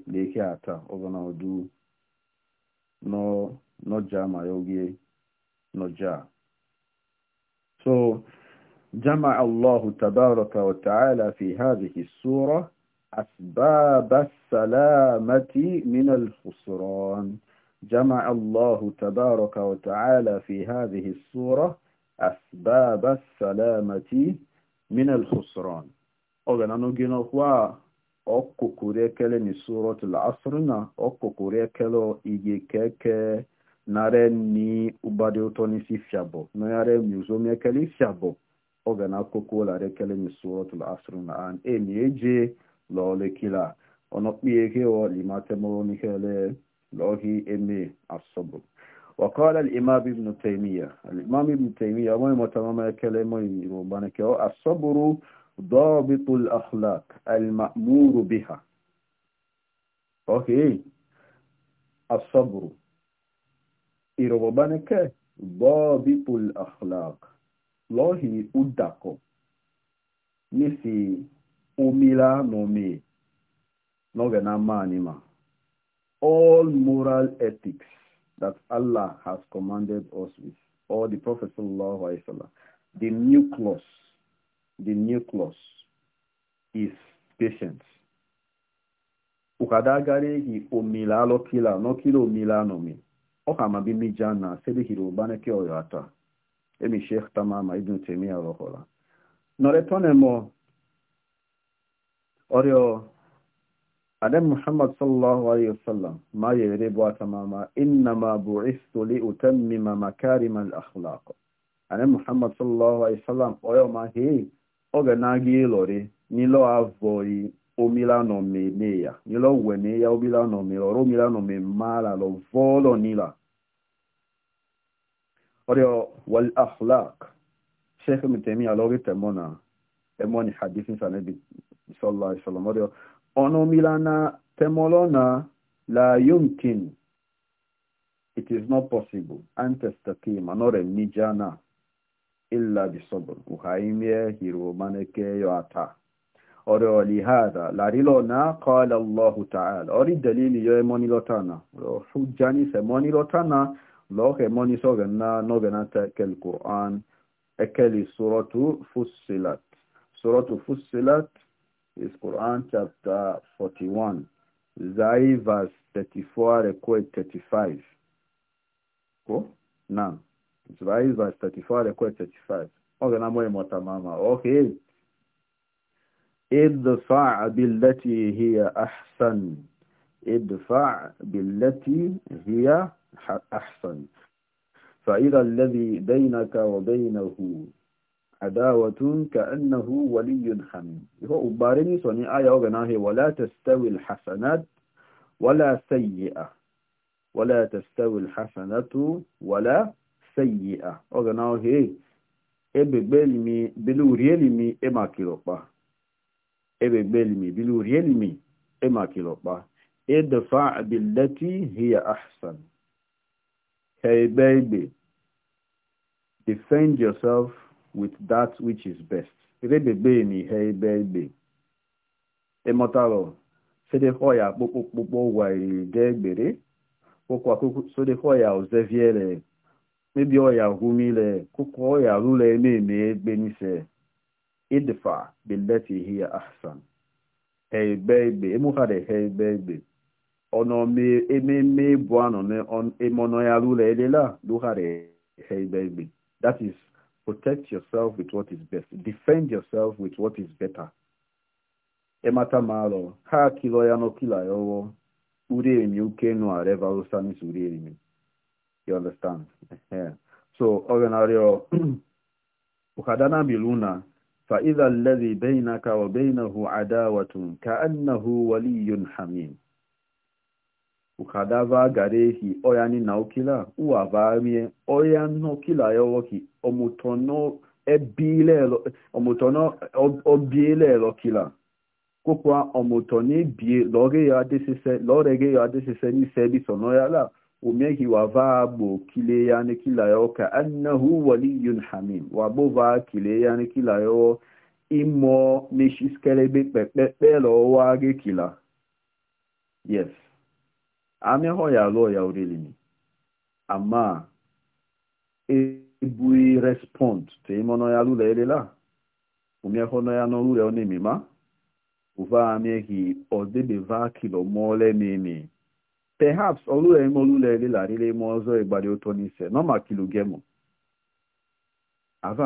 leke ata ọzọ na ọdụ n'ọja ma ya oge n'ọja so جمع الله تبارك وتعالى في هذه السورة أسباب السلامة من الخسران جمع الله تبارك وتعالى في هذه السورة أسباب السلامة من الخسران أولا نجينا هو أكو كوريكل من سورة العصرنا أكو كوريكل إيجيكك نارن ني أباديوتوني سيفشابو نارن ميوزوميكالي سيفشابو oge na akụkọ ụlarị kele misụrọtụl asụrụ na an emi eje lọlekila ọnọkpieke ọ limatemoro nikele لوهي إمي الصبر وقال الإمام ابن تيمية الإمام ابن تيمية ما يمتمم كلمة ربانك الصبر ضابط الأخلاق المأمور بها أوكي الصبر إربانك ضابط الأخلاق lọhi ụdakọ n'isi omila n'ome n'oge na mmanị ma all moral ethics that Allah has commanded us with or the Prophet sallallahu alaihi wasallam the nucleus the nucleus is patience ukadagarihi omila alokila n'okila omila n'ome ọ ka ma bi mija na sedihiri ụbaneke ọyọ atọ emi sheikh tamama ibn temiya rohola noretonemo oryo adam muhammad sallallahu alayhi wasallam ma yere bo tamama innama bu'istu li utammima makarim al akhlaq adam muhammad sallallahu alayhi wasallam oyo ma he oge nagi lori nilo avoi omilano me neya nilo wene ya omilano me oro omilano me mala lo volo nila oreo wal akhlaq sheikh mitemi alori temona emoni hadithi sanabi sallallahu alaihi wasallam oreo ono milana temolona la yumkin it is not possible an tastaqima nore mijana illa bisabr uhaimie hirumaneke yoata oreo lihadha larilona qala allah ta'ala ori dalili yo emoni lotana hujjani semoni lotana لوخي موني سوغنا نوغنا تاكل القرآن أكلي سورة فصلت سورة فصلت is Quran chapter 41 Zai verse 34 record 35 ko نعم Zai verse 34 record 35 ogana moyo mwatamama okay ادفع بالتي هي أحسن ادفع بالتي هي أحسنت فإذا الذي بينك وبينه عداوة كأنه ولي حميم هو أبارني صني آية وغناه ولا تستوي الحسنات ولا سيئة ولا تستوي الحسنة ولا سيئة وغناه إيه إيه إيه هي ebegbelimi bilurielimi emakilopa ebegbelimi bilurielimi emakilopa إدفع billati hiya ahsan Hey, baby, defend yourself with that which is best. Rebebe ni hey, baby. Emotalo, sedehoya kpokpokpokpo wairi degbere, kwokwa sodehoya ozeviere, mebi oya humile, kwokwa oya rule ememe egbenise. Idfa bileti hiya ahsan. Hey, baby, emuhare hey, baby. ọnọme ememe bụ anọ emeọnọ ya rụrụ elela lụghara egbe egbe that is protect yourself with what is best defend yourself with what is better emata ma arọ ha kilo ya n'okila ya uri uremi uke nụ uri uremi you understand (laughs) so ọganarịọ ukadana biluna فإذا الذي بينك وبينه عداوة كأنه ولي hamin. ukadava garehi oyani naukila uavamie oyanokila yowoki omutono ebilelo omutono obielelo kila kokwa omutoni loge ya desise lorege ya desise ni sebi sonoyala umeki wavabo kile ya kila yo annahu waliyun hamim wabova kile yani kila yo imo nishiskelebe pepe pelo wage kila yes ameho ya alụọ ya orili ama ebughị respond to ime ọnụ ya lụla elela umeho ya ma, ọ na-emema uva ameghị ọdebeva kilo mọle n'ime perhaps ọlụla ime ọlụla ime ọzọ ịgbari ụtọ n'ise nọma kilo gemo ahụ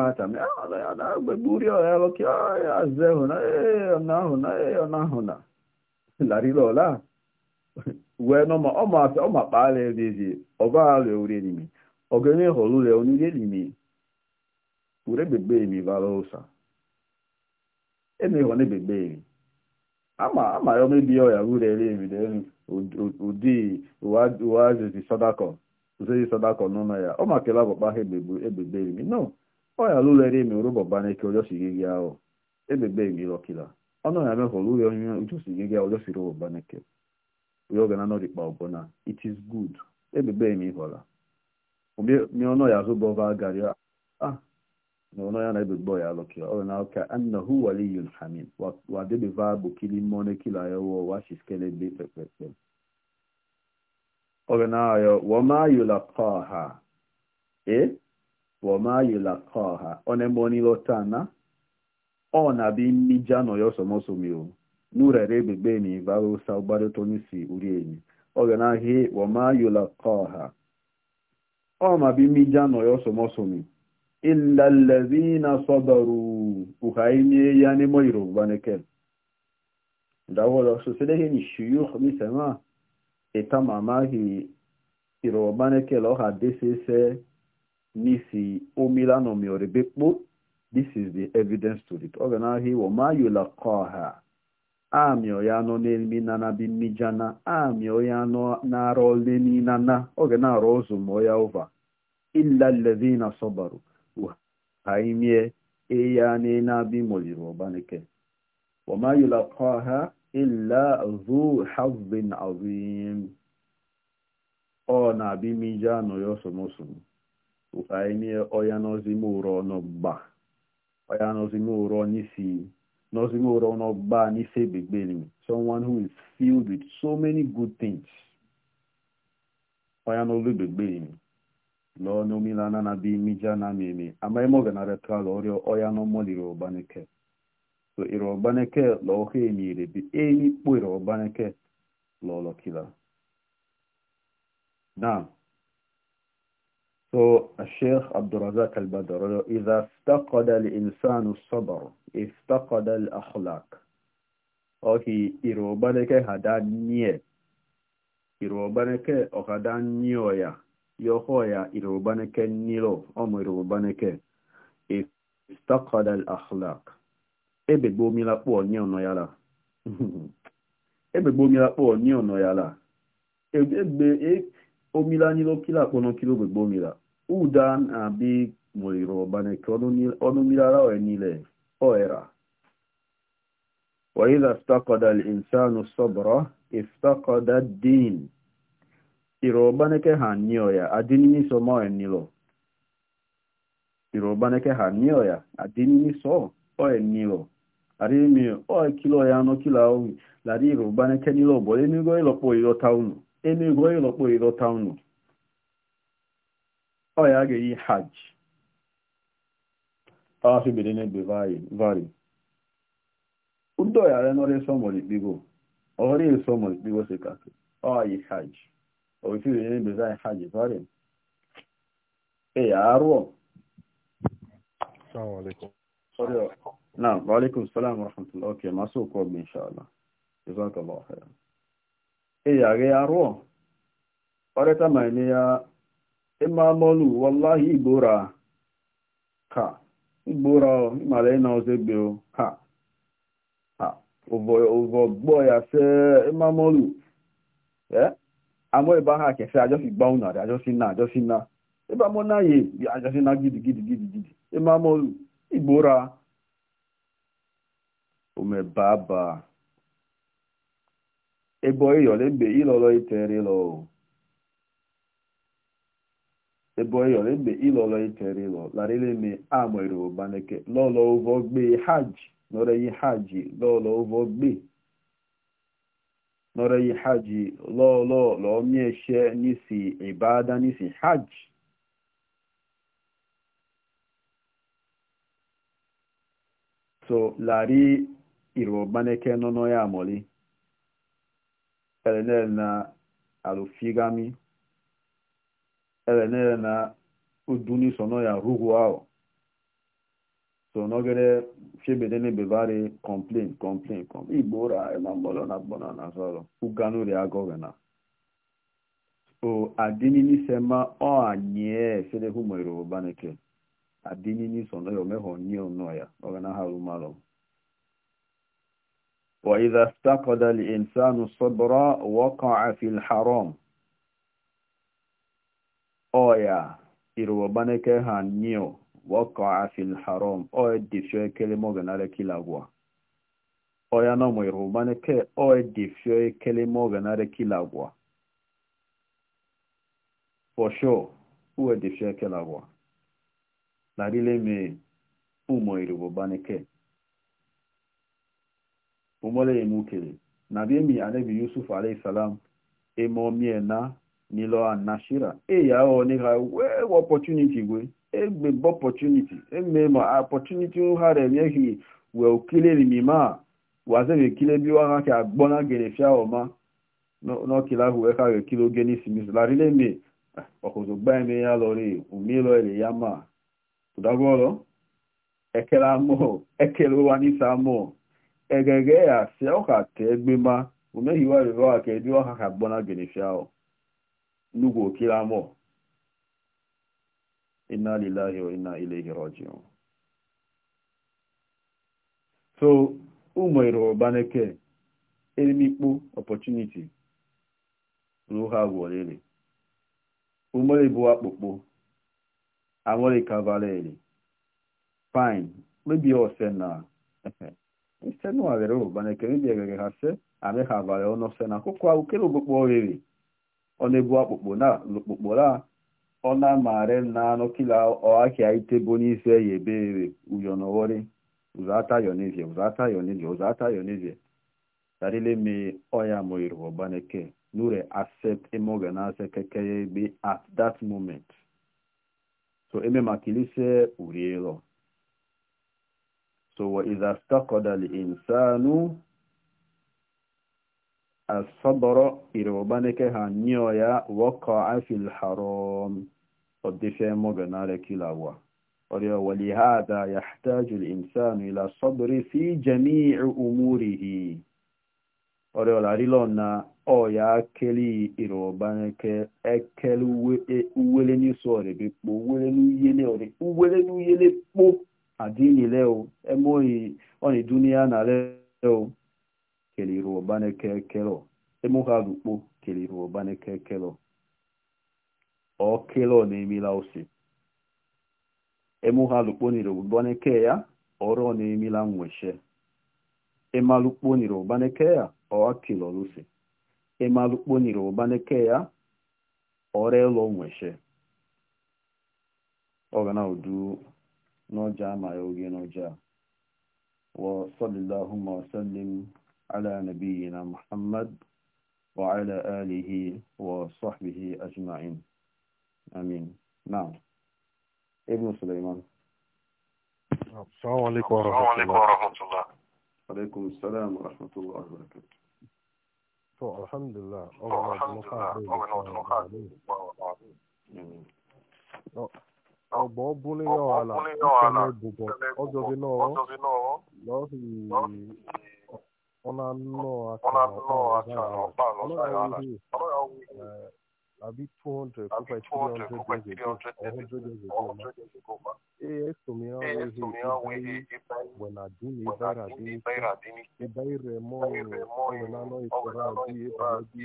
ahụ na eh, (laughs) wee nọ ma ọ ma fẹ ọ ma kpaa lẹ bèbè ọba lẹ wúre nìmi ọgẹni họlù lẹ onílé nìmi wúre bèbè mi balọ ọsà ẹni hàn ní bèbè mi ama ama ya omebi ọ ya wúre lẹ mi lẹ mi ụdị ụwa zezi sadakọ zezi sadakọ nọ na ya ọ ma kele abọkpa ha ebebe emi no ọ ya lụlọ ere mi rụbọ baneke ọjọ si gị ahụ ebebe emi lọkila ọnụ ya mehọlụ ya onye uju si gị ahụ ọjọ si rụbọ baneke na uyogana norikpa obona it is good ebebe mi hola miono ya zubova gari ah, ah. n'ọnụ ya na-ebegbo ya alụkịa ọ na ụka annahu waliyun hamid wa debeva bụ kili mmọnụ kila ya wọ wa shiskele be pekpekpe ọ na ayọ wọma yulakọ ha e wọma yulakọ ha ọ na-eme lọta na ọ na-abịa mmija nọ ya ọsọmọsọ mi o n'urere egbebeni varosa ụgbarịta onye si uri enyi ọganaghị wamayula kọha ọma bimija nọ ya ọsọmọsọmi ilalezina sọbaru uhaimie ya n'ime yoruba neke dawolo soselehe ni shuyukh misema itamamahi yoruba neke lọha desese n'isi omilanomiore bekpo this is the evidence to it ọganaghị wamayula kọha amịọ ya anọ n'elimi nana bi mmijana amịọ anọ na n'ara ole ninana oge na-arụ ụzụ mụọ ya ụva illa levina sọbaru ha imie eya n'ena bi moliri ọbanike wama yulaqaha illa zu hazbin azim ọ na-abi mija nọ ya osomosom ha imie ọya n'ozime ụrọ n'ọgbụgba ọya n'ozime ụrọ n'isi Nothing Someone who is filled with so many good things. Onye n'olu begbeni. Lọ n'omila na na bi mija na meme. Amaghị m oge na retral ọrịa ọya n'ọmọ liri ọbaneke. So ire ọbaneke lọ ọha enyi ire bi enyi kpo ire ọbaneke lọ ọlọkila. Now, So Sheikh Abdurazak al-Badr, إذا استقد الإنسان الصبر استقد الأخلاق. Ohi irobaneke hadanie. Irobaneke okadanioya. Yohoya irobaneke nilo. Omo irobaneke. استقد الأخلاق. Ebe gbomi la pọ̀ ní ọ̀nà yàrá. (laughs) Ebe gbomi la pọ̀ ní ọ̀nà yàrá. Ebe omila nílò kílà pọ̀nà kílò gbogbo udan abi moliro bane kolonil onumirara enile oera wa idha istaqada al insanu sabra istaqada ad din irobane ke hanioya adini ni so mo enilo irobane ke hanioya adini ni so o enilo ari mi o kilo ya no kilo awi lari irobane ke nilo bo enigo ilo po iro taunu enigo ilo po iro taunu ọ ya ga-eyi hajj ahụbere n'ebe vari ndị ọyara n'ọrụ ịsọmọrị ikpigo ọrụ ịsọmọrị ikpigo si kakị ọyị hajj òfìrì n'ebe vari hajj vari ẹ̀yà arúọ̀ Na'am, wa alaikum salam wa rahmatullah. Okay, masu ko bi insha Allah. Jazakallahu ya ga ya ịma m'ọlụ wallahi igbora ha igbora ịmara ịna ọzọ egbe ha ụvọ ụvọgbọ ya se ịmamolu amọ ịba ha kẹsẹ ajọsi gbanwu narị ajọsi na ajọsi na ịba mọ na ye ajọsi na gidi gidi gidi gidi ịmamolu igbora omebaba ebe ịyọrọ egbe ịlọrọ itere ebe ọ yọrọ egbe ịlọlọ itere ịlọ larịleme amere ụbaneke lọlọ ụvọ gbe hajj nọrọyi hajj lọlọ ụvọ gbe nọrọyi hajj lọlọ lọmieshe n'isi ibada n'isi hajj so larị ịrụbaneke nọ n'ọya amọli elenel na alụfigami ewenere na uduni sono ya ruhu ahụ so nogere chebedene bebare complain complain complain igbora ema mbolo na gbona na soro uganuri agoge na o adinini sema ọ anye sede humo yoruba neke adinini sono yo meho nye ya ogana وإذا استقد الإنسان الصبر وقع في الحرام oya irubaneke ha nio waka fil haram oya difio ekele moganare kilagwa oya ọ mo irubaneke oya difio ekele moganare kilagwa for sure uwe difio ekele agwa larile me umo irubaneke umole emukele nabi emi anabi yusuf alayhi salam emo miena nilo nashira eya o ni ha we opportunity we egbe opportunity eme ma opportunity ha re me hi we okile ni mima wa se be kile bi wa ka gbona gere fia o ma no no kila hu e ka re kilo geni simis la rile me okozo gba eme ya lori umilo ele ya ma kudagoro ekela mo ekelo wa ni sa mo egege ya se o ka te egbe ma umehiwa re wa ke bi wa ha ka gbona gere fia ọ. n'ugwu okiri amọ inna lillahi wa inna ilaihi rajiun so ụmụ yoruba neke erimikpo opportunity ruo ha gwọrịrị umere bụ akpụkpọ anwere kavaleri fine mebi ose na ha ha na akụkụ ahụ ọ na-egwu ọkpụkpụ na na ọ na-amara na anụ kila ọhakịa itebo n'isi ebe ewe ụzọ ata ụzọ ata yonezie ụzọ yonezie me ọya moyiru ọgbaneke nure accept emoge na ase egbe at that moment so eme maka ilise urielo so asaboro irobaneke ha nio ya waka afil haram odife moganare kilawa orio walihada yahtaju linsanu ila sabri fi jamii umurihi orio larilona oya akeli irobaneke ekeli uweleni sore bi po uweleni uyele ori uweleni uyele po adini leo emoyi oni dunia na leo Keliri Keliri keliriobanekekelo emugharukpo keliriobanekekelo okelo na-emila niri emugharukpo niriobaneke ya ọrọ na-emila nweshe emalukpo niriobaneke ya ọakilolusi emalukpo niriobaneke ya ọrụ ọrelo nweshe ọgana udu n'ọja ama ya oge n'ọja وصلى ndị وسلم على نبينا محمد وعلى آله وصحبه أجمعين آمين نعم ابن سليمان السلام عليكم ورحمة الله ورحمة الله عليكم السلام ورحمة الله وبركاته طيب، الحمد لله طيب، الحمد لله الله الله الله الله الله الله الله الله الله الله الله الله ọlọ́lọ́ akara ọ̀pá ọlọ́yà àbí two hundred kó fà three hundred days ago or hundred days ago ma as to mi hàn wí hì wẹ̀nà dínì báyìí dínì ìbáyìí rẹ̀ mọ́ ọ̀nà náà ìkọ̀rọ̀ àbí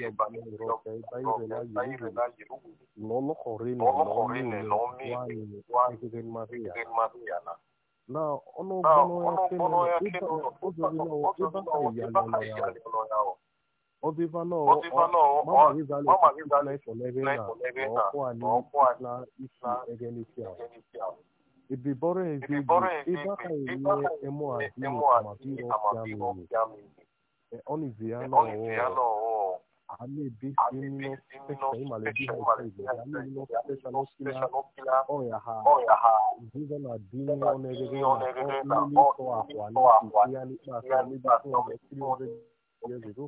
ìbàlẹ̀ bí ọ̀bẹ ìbáyìí rẹ̀ láyé lọ́wọ́ lọ́kọ̀ọ́rẹ́ nìyẹn lọ́wọ́ mí wá ní ìgbẹ́gbẹ́ máa rí yàrá. na ọnụụgbọnụ ọhịa ụzọbinọwọ ịbata iyalị ọlọyawo ọbịba nọọ mama gizali naifọ n'ebe na ọkụ anyị na isi egenisi ahụ ibibọrọ ezibi ịbata iye emu ma biro ya ya e, amebi simno special imalebiha isaize amemno special okila oyaha zizana dinyo negegena olilito akwana kiyani kpasa mebi fun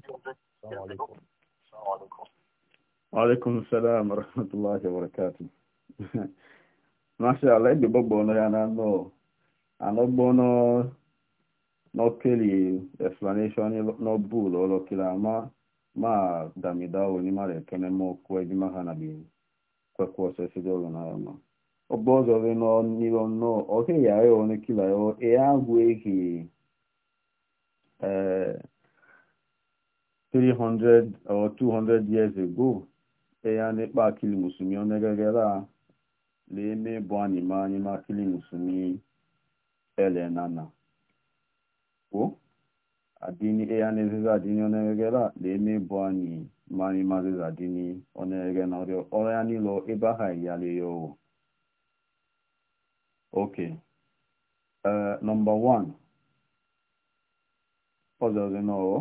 ọdọ three hundred years ago salamu alaikum. rahmatullahi السلام ورحمة الله وبركاته ما شاء الله إدي بابونا no أنه أنا no نوكلي explanation نوبول ولو كلا ما ma damida onye mara ekene ma okwu ejima ha na bi kwekwa ọsọ ọrụ na ma ọgbọ ọzọ gị nọ n'iro nnọ ọhe ya ya one kila ya e agwụ ehi 300 or 200 years ago e ya n'ịkpa akili musumi onegegere a leeme bụ anyịma anyịma akili musumi elenana kwuo adini eyanezeza adini na eme bụ anyị mari mazeza adini onege na ọrịa ọrụ ya n'ilo ebe aha iyale ya owo okay uh, number one ọzọzi n'ọwọ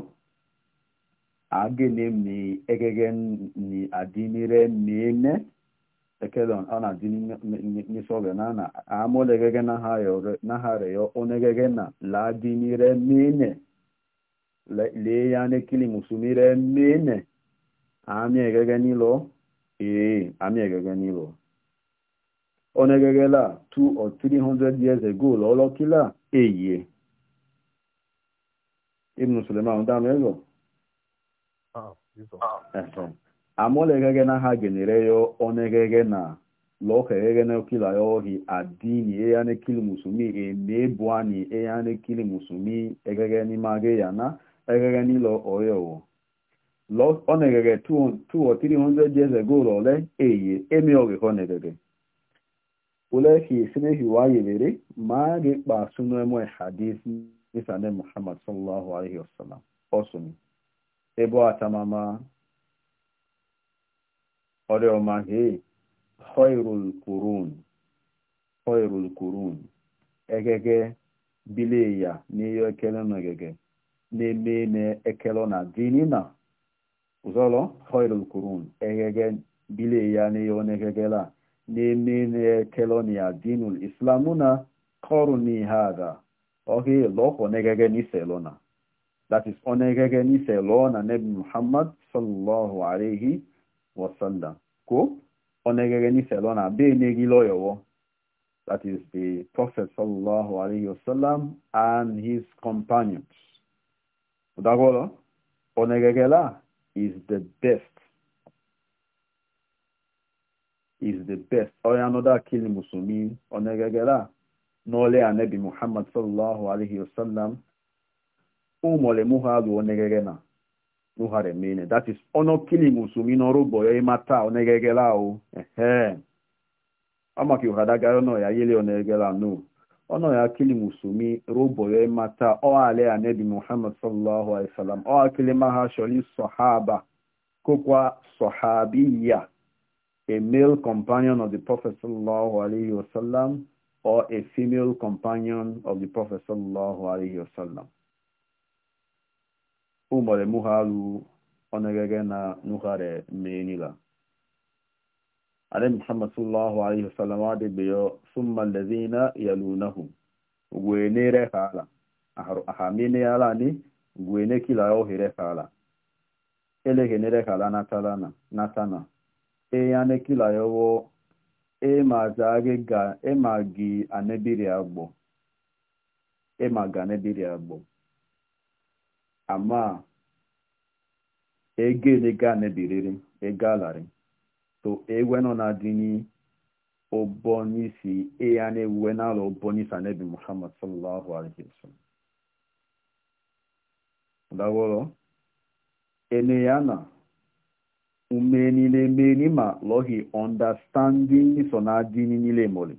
agene mi egege ni adinire mene ekelon ọ na-adini n'isọbe na na amụlegege na ha rịọ onegege na ladinire mene lee ya n'ekili musulmi rẹ mene ami ẹ̀gẹ́gẹ́ nílọ ee na ẹ̀gẹ́gẹ́ nílọ ọ̀nẹ́gẹ́gẹ́ là two or three hundred years ago lọlọkila. èyí e ibùn suleiman ọ̀dá mẹ́rọ àmọ́lẹ̀gẹ́gẹ́ náà ha gẹ̀nẹ̀rẹ yọ ọ̀nẹ́gẹ́gẹ́ náà lọ́ọ̀kẹ̀ gẹ́gẹ́ náà kílà yọ ọ̀hì àdínì ẹ̀yà ní kílì mùsùlùmí èmẹ́bùánì ẹ̀yà ní eghere n'ịlọ ọrịa ụwa ọ na-eghere 2 or 300 years ago ole eye eme ọrịa ọ na-eghere uleki sinehi wa yebere ma a ga-ekpa asụ n'emwe hadis nisane muhammad sallallahu alaihi wasallam ọsụmi ebe atamama ọrịọma he hoirul kurun hoirul kurun egege bileya n'ihe ekele n'egege Nemene ekelona dinina ụzọlọ hoirul kurun eghege bile ya n'ihe ọ eghegela dinul Islamuna na kọrụ n'ihe aga ohi lọkọ n'iselona that is ọ na-eghege n'iselona nebi muhammad sallallahu alaihi wasallam ko ọ na-eghege n'iselona bee na-egi that is the prophet sallallahu alaihi wasallam and his companions Dagwolo, Onegegela is the best. Is the best. Oya another kill Musumi, Onegegela. Nole anebi Muhammad sallallahu alayhi wa sallam. Umole muhadu na Nuhare mene. That is, ono kili Musumi norubo yo imata onegegela ọ Ehe. Amaki uhadagayo no ya yili onegegela no. ọ̀nà ya kili musulmi roboye mata ọ alẹ́ anabi muhammad sallallahu alaihi wasallam ọ akili maha sholi sahaba kokwa sahabiya a male companion of the prophet sallallahu alaihi wasallam or a female companion of the prophet sallallahu alaihi wasallam umar muhalu onegege na nuhare menila ale muhammad sallallahu alaihi wasallam adịbeyo summa allazina yalunahum gwenere ha ala ahamine ala ni gwene kila ohere ha ala elegenere ha ala na natana eyane kila yowo emazage ga emagi anebiri agbo ga anebiri agbo ama ege ne ga anebiriri ega alarim so ewe nọ na-adị ni ụbọ n'isi eya na-ewuwe n'ala ụbọ n'isi anabi muhammad sallallahu alaihi wasallam daworo ene ya na ume niile mee ni ma lọhi understanding so na-adị niile mọlị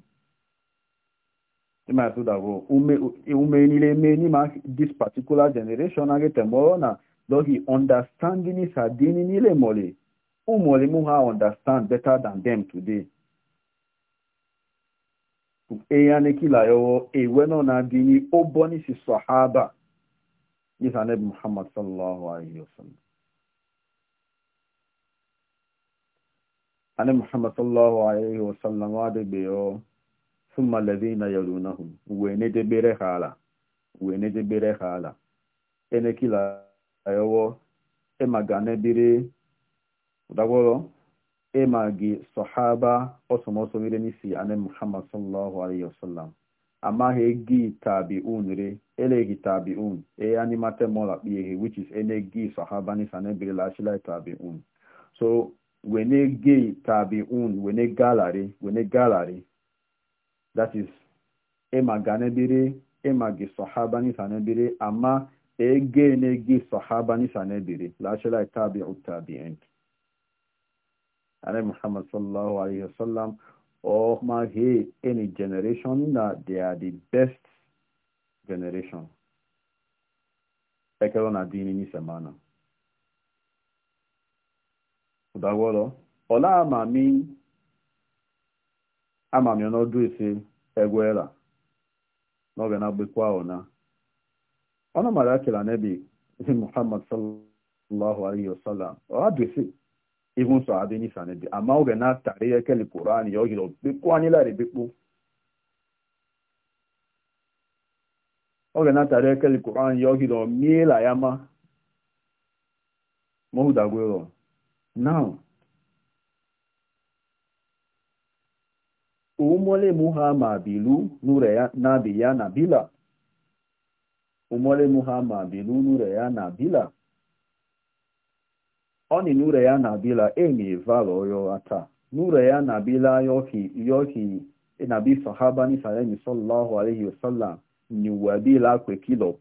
ịma atụ daworo ume niile mee ma this particular generation agị temọrọ na lọhi understanding is adị niile mọlị ụmụolimu ha understand better than them today eyanekilayowo ewe nọ na dini obonisi sahaba nisaneb muhammad sallallahu alaihi wasallam ani muhammad sallallahu alaihi wasallam adịbeyo ثم wee يلونهم وندبره حالا وندبره حالا enekila ayowo emagane biri ụdagwọrọ ịma e gị sọhaba ọsọmọsọ mere n'isi ane muhammad sallallahu alaihi wasallam amaghị gị tabi un re eleghị tabi un e animate mola kpiehe which is ene gị sọhaba n'isi ane birila achila e tabi un so wene gị tabi un wene galari wene galari that is ịma e ga nebire ịma gị sọhaba n'isi ane bire ama ege ne gị sọhaba n'isi ane bire lachila tabi un tabi end and Muhammad sallallahu alayhi wasallam or mahi any generation that they are the best generation. Ekelo na dini ni semana. Udagwolo. Ola amami amami ọnọdụ ise egwela n'oge na-agbekwa ọna. Ọnụ mara akela n'ebe Muhammad sallallahu alayhi wasallam. Ọ adịsị ihun sahabi ni sanadi amma oge na tare ya kele qur'an ya kele qur'an yo hiro miela yama mo da gwero now umole muha ma bilu nure ya ya ma bilu nure oni nure ya e valo nure ya na yoki yoki nabi sahaba ni sallallahu sallallahu alayhi wasallam ni wabila kwe kilo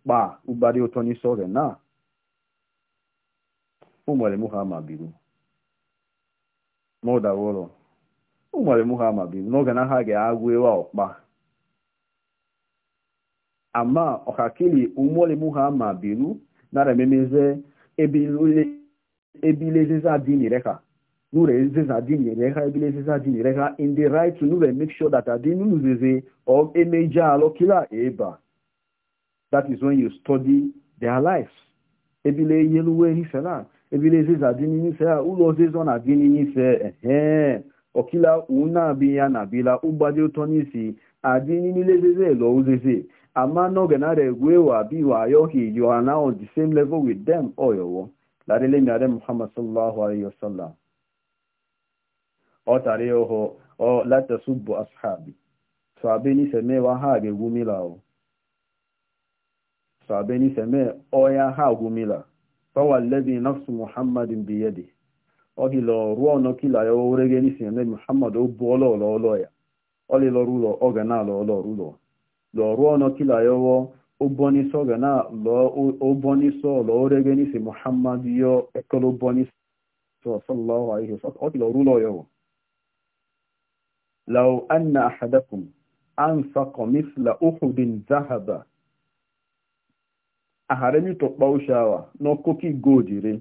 na umwale muhammad biru moda wolo umwale muhammad biru noga na ama ọkakili umwale muhammad biru nara memeze ebile zesa dini reka nure zesa dini reka ebile zesa dini reka in the right to nure make sure that adini nuzeze or emeja alokila eba that is when you study their lives ebile yeluwe nifela ebile zesa dini nifela ulo zezo na dini nife ehe okila una biya na bila ugbadi uto nisi adini nilezeze lo uzeze ama noge na regwe wa biwa yohi you are now on the same level with them oyowo oh, larele mi are muhammad sallallahu alayhi wa sallam ọ tara ịhụ ọ latasubbu ashabi sabeni seme wa ha ga-egwumila o sabeni seme ọya ha gwumila fawalezi nafsu ruo ya orege muhammad o bu ya ọ ga na ruo ya uboniso gana lo uboniso lo regeni si muhammad yo ekolo bonis so sallallahu alaihi wasallam oti lo rulo yo law anna ahadakum anfaqa mithla uhudin zahaba aharemi to paushawa no koki godire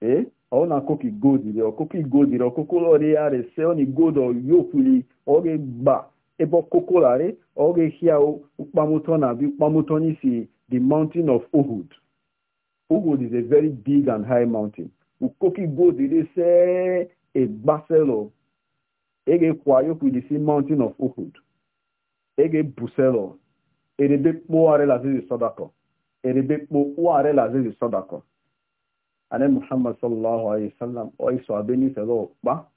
eh ọ na-akụkọ igodiri ọkụkọ igodiri ọkụkọ ọrịa resị ọ na igodo yokwuli ọ ga-egba ebo kokolare oge hia ukpamuto na bi ukpamuto nisi the mountain of Uhud. Uhud is a very big and high mountain. Ukoki go dide se a e baselo. Ege kwayo kudisi mountain of Uhud. Ege buselo. Erebe kpo are lazizi sadako. Erebe kpo are lazizi sadako. Ane Muhammad sallallahu alayhi sallam oiso abeni selo pa.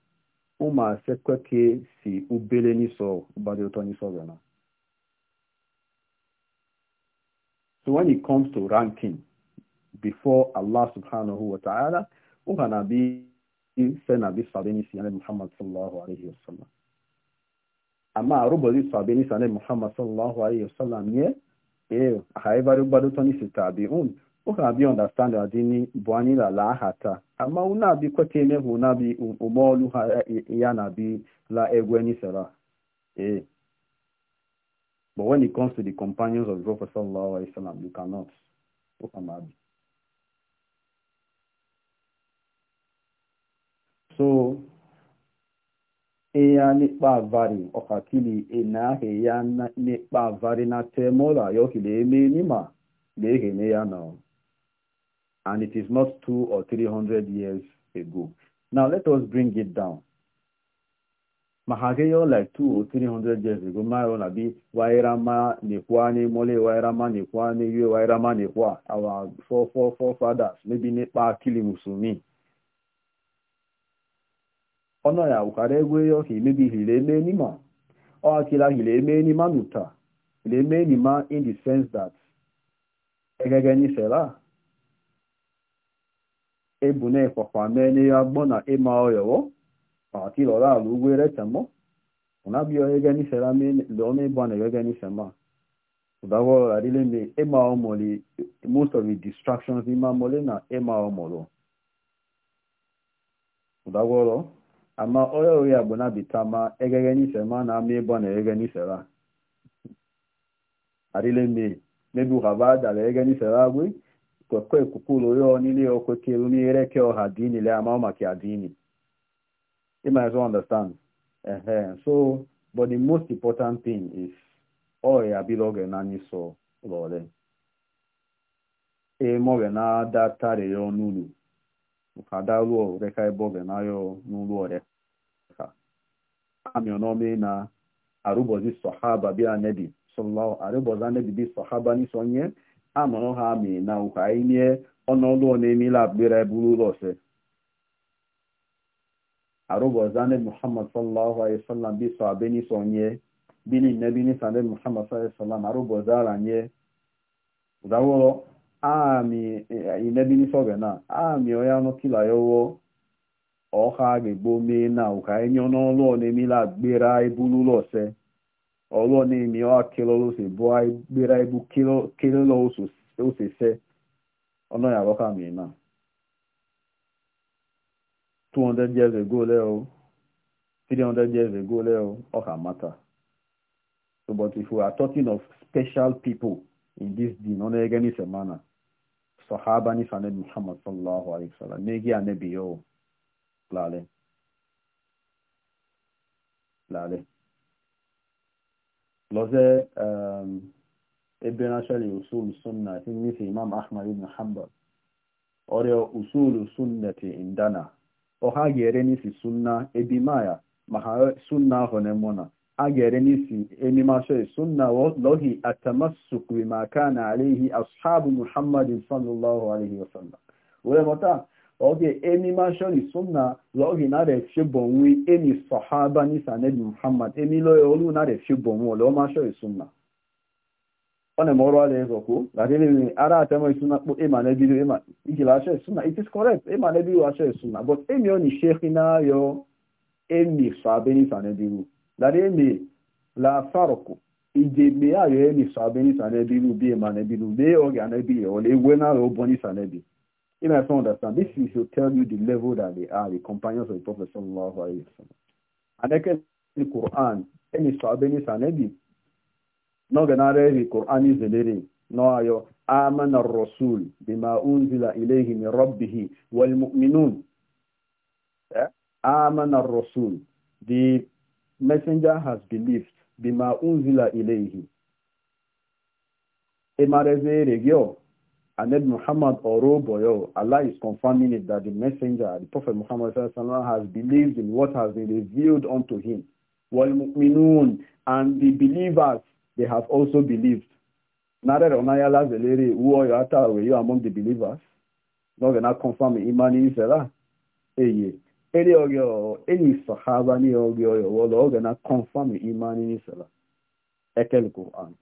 ụmụ sekweke si ubele niso ubade oto niso gana. So when it comes to ranking before Allah subhanahu wa ta'ala, uha na se nabi sabeni si ane Muhammad sallallahu alayhi wa sallam. Ama arubodi sabeni si ane Muhammad sallallahu alayhi wa sallam ye, e, eh, haivari ubade oto nisi tabi'un, Ụka bi ukabi understand adini bwani la lahata ama unabi na unabi umolu ha e, e, e, ya na nabi la egweni sera eh but when it comes to the companions of the prophet sallallahu alaihi wasallam you cannot ukamabi so eya n'ikpa avari ọkakili enahe ya n'ikpa avari na temola yọkile eme n'ima na ehene ya na ọ and it is not two or three hundred years ago. Now let us bring it down. Mahageyo like two or three hundred years ago, Mayo Nabi, Wairama, Nikwane, Mole, Wairama, Nikwane, Yue, Wairama, Nikwa, our four, four, four fathers, maybe Nepa, Kili, Musumi. Ọnọ ya ụkara egwu ya ọka emebi hile eme enima. Ọ akila hile eme enima n'uta Hile eme enima in the sense that egege n'isela. ebune kwakwame ni agbọ na ima oyowo ati lora alu gwere tamo una bi oyege ni serami lo me bwana yege sema udawo arile me ima omoli most of the distractions ima mole na ima omolo udawo ama oyo oyo agbona ma egege sema na mi bwana yege ni sera arile me mebu rabada yege ni sera gwe kwekwe kwukwulu yo nili okwekelu n'ireke ọha dini le ama maka adini you might as well understand uh -huh. so but the most important thing is oya biloge na niso lole e moge na datare yo nulu kada luo reka eboge na yo nulu ore ka ami onome na arubozi sahaba bi anebi sallallahu arubozi anebi bi sahaba ni sonye amụrụ ha amị na ụka ime ọnọdụ na-emela akpịra buru ụlọ ọsọ arụbọzane muhammad sallallahu alaihi wasallam bi so abeni so nye bini ne bini sande muhammad sallallahu alaihi wasallam arụbọzara nye zaworo ami ine bini na. gana ami oya no kila yowo ọha ga-egbo mee na ụka enye ọnụ ọlụọ na-emela akpịra eburu ụlọ ọsọ ọlọ́ni mi wá kílọ́ ló sì bọ́ gbéra ibú kílọ́ lọ ó sì fẹ́ ọ̀nà ìyàwó kàmì náà two hundred years ago o. three hundred years ago lẹ́ọ̀ ọ̀kà mata so but if we are talking of special people in this din ọ̀nà ẹgẹ́ ní sẹ̀mánà sọ̀hábà ní sanad muhammad sallallahu alayhi wa sallam nígi ànẹ́bí yọ̀ lálẹ́ lálẹ́. لوزي ابن اشالي اصول السنه تنمي في امام احمد بن حنبل اوريو اصول السنه عندنا وهاجرني في السنه ابي مايا ما سنه هنا منا اجرني في اني ما شيء سنه والله التمسك بما كان عليه اصحاب محمد صلى الله عليه وسلم ولما Ọ oge emi mashori sunna logi na nara fi bonwi emi sahaba nisa sanedi muhammad emi ya olu na re fi bonwo lo mashori sunna one moro ale ezoku eh, lakini ni eh, eh, ara atemo sunna po ịma na bidu ịma ikila ashe sunna it is correct ịma na bidu ashe sunna but emi oni na yo emi sabeni sanedi dari emi la farqu ijebe ayo emi sabeni sanedi bi ema na bidu be oge na bi yo le wena ro boni sanedi If I don't understand, this should tell you the level that they are, the companions of the Prophet sallallahu alayhi wa sallam. And again, the Quran, any sahabeni sanebi, no ganare the Quran is the lyric, no ayo, آمن الرسول بما أنزل إليه من ربه والمؤمنون آمن Rasul. the messenger has believed بما أنزل إليه إما رزيري and then Muhammad or Boyo, Allah is confirming it that the messenger, the Prophet Muhammad has believed in what has been revealed unto him. وَالْمُؤْمِنُونَ And the believers, they have also believed. Nare onayala zeleri uo yata Are you among the believers? No, they're not confirming imani isela. Eye. Any ogyo, any sahaba ni ogyo yo wolo, they're not confirming imani isela. Ekel Quran.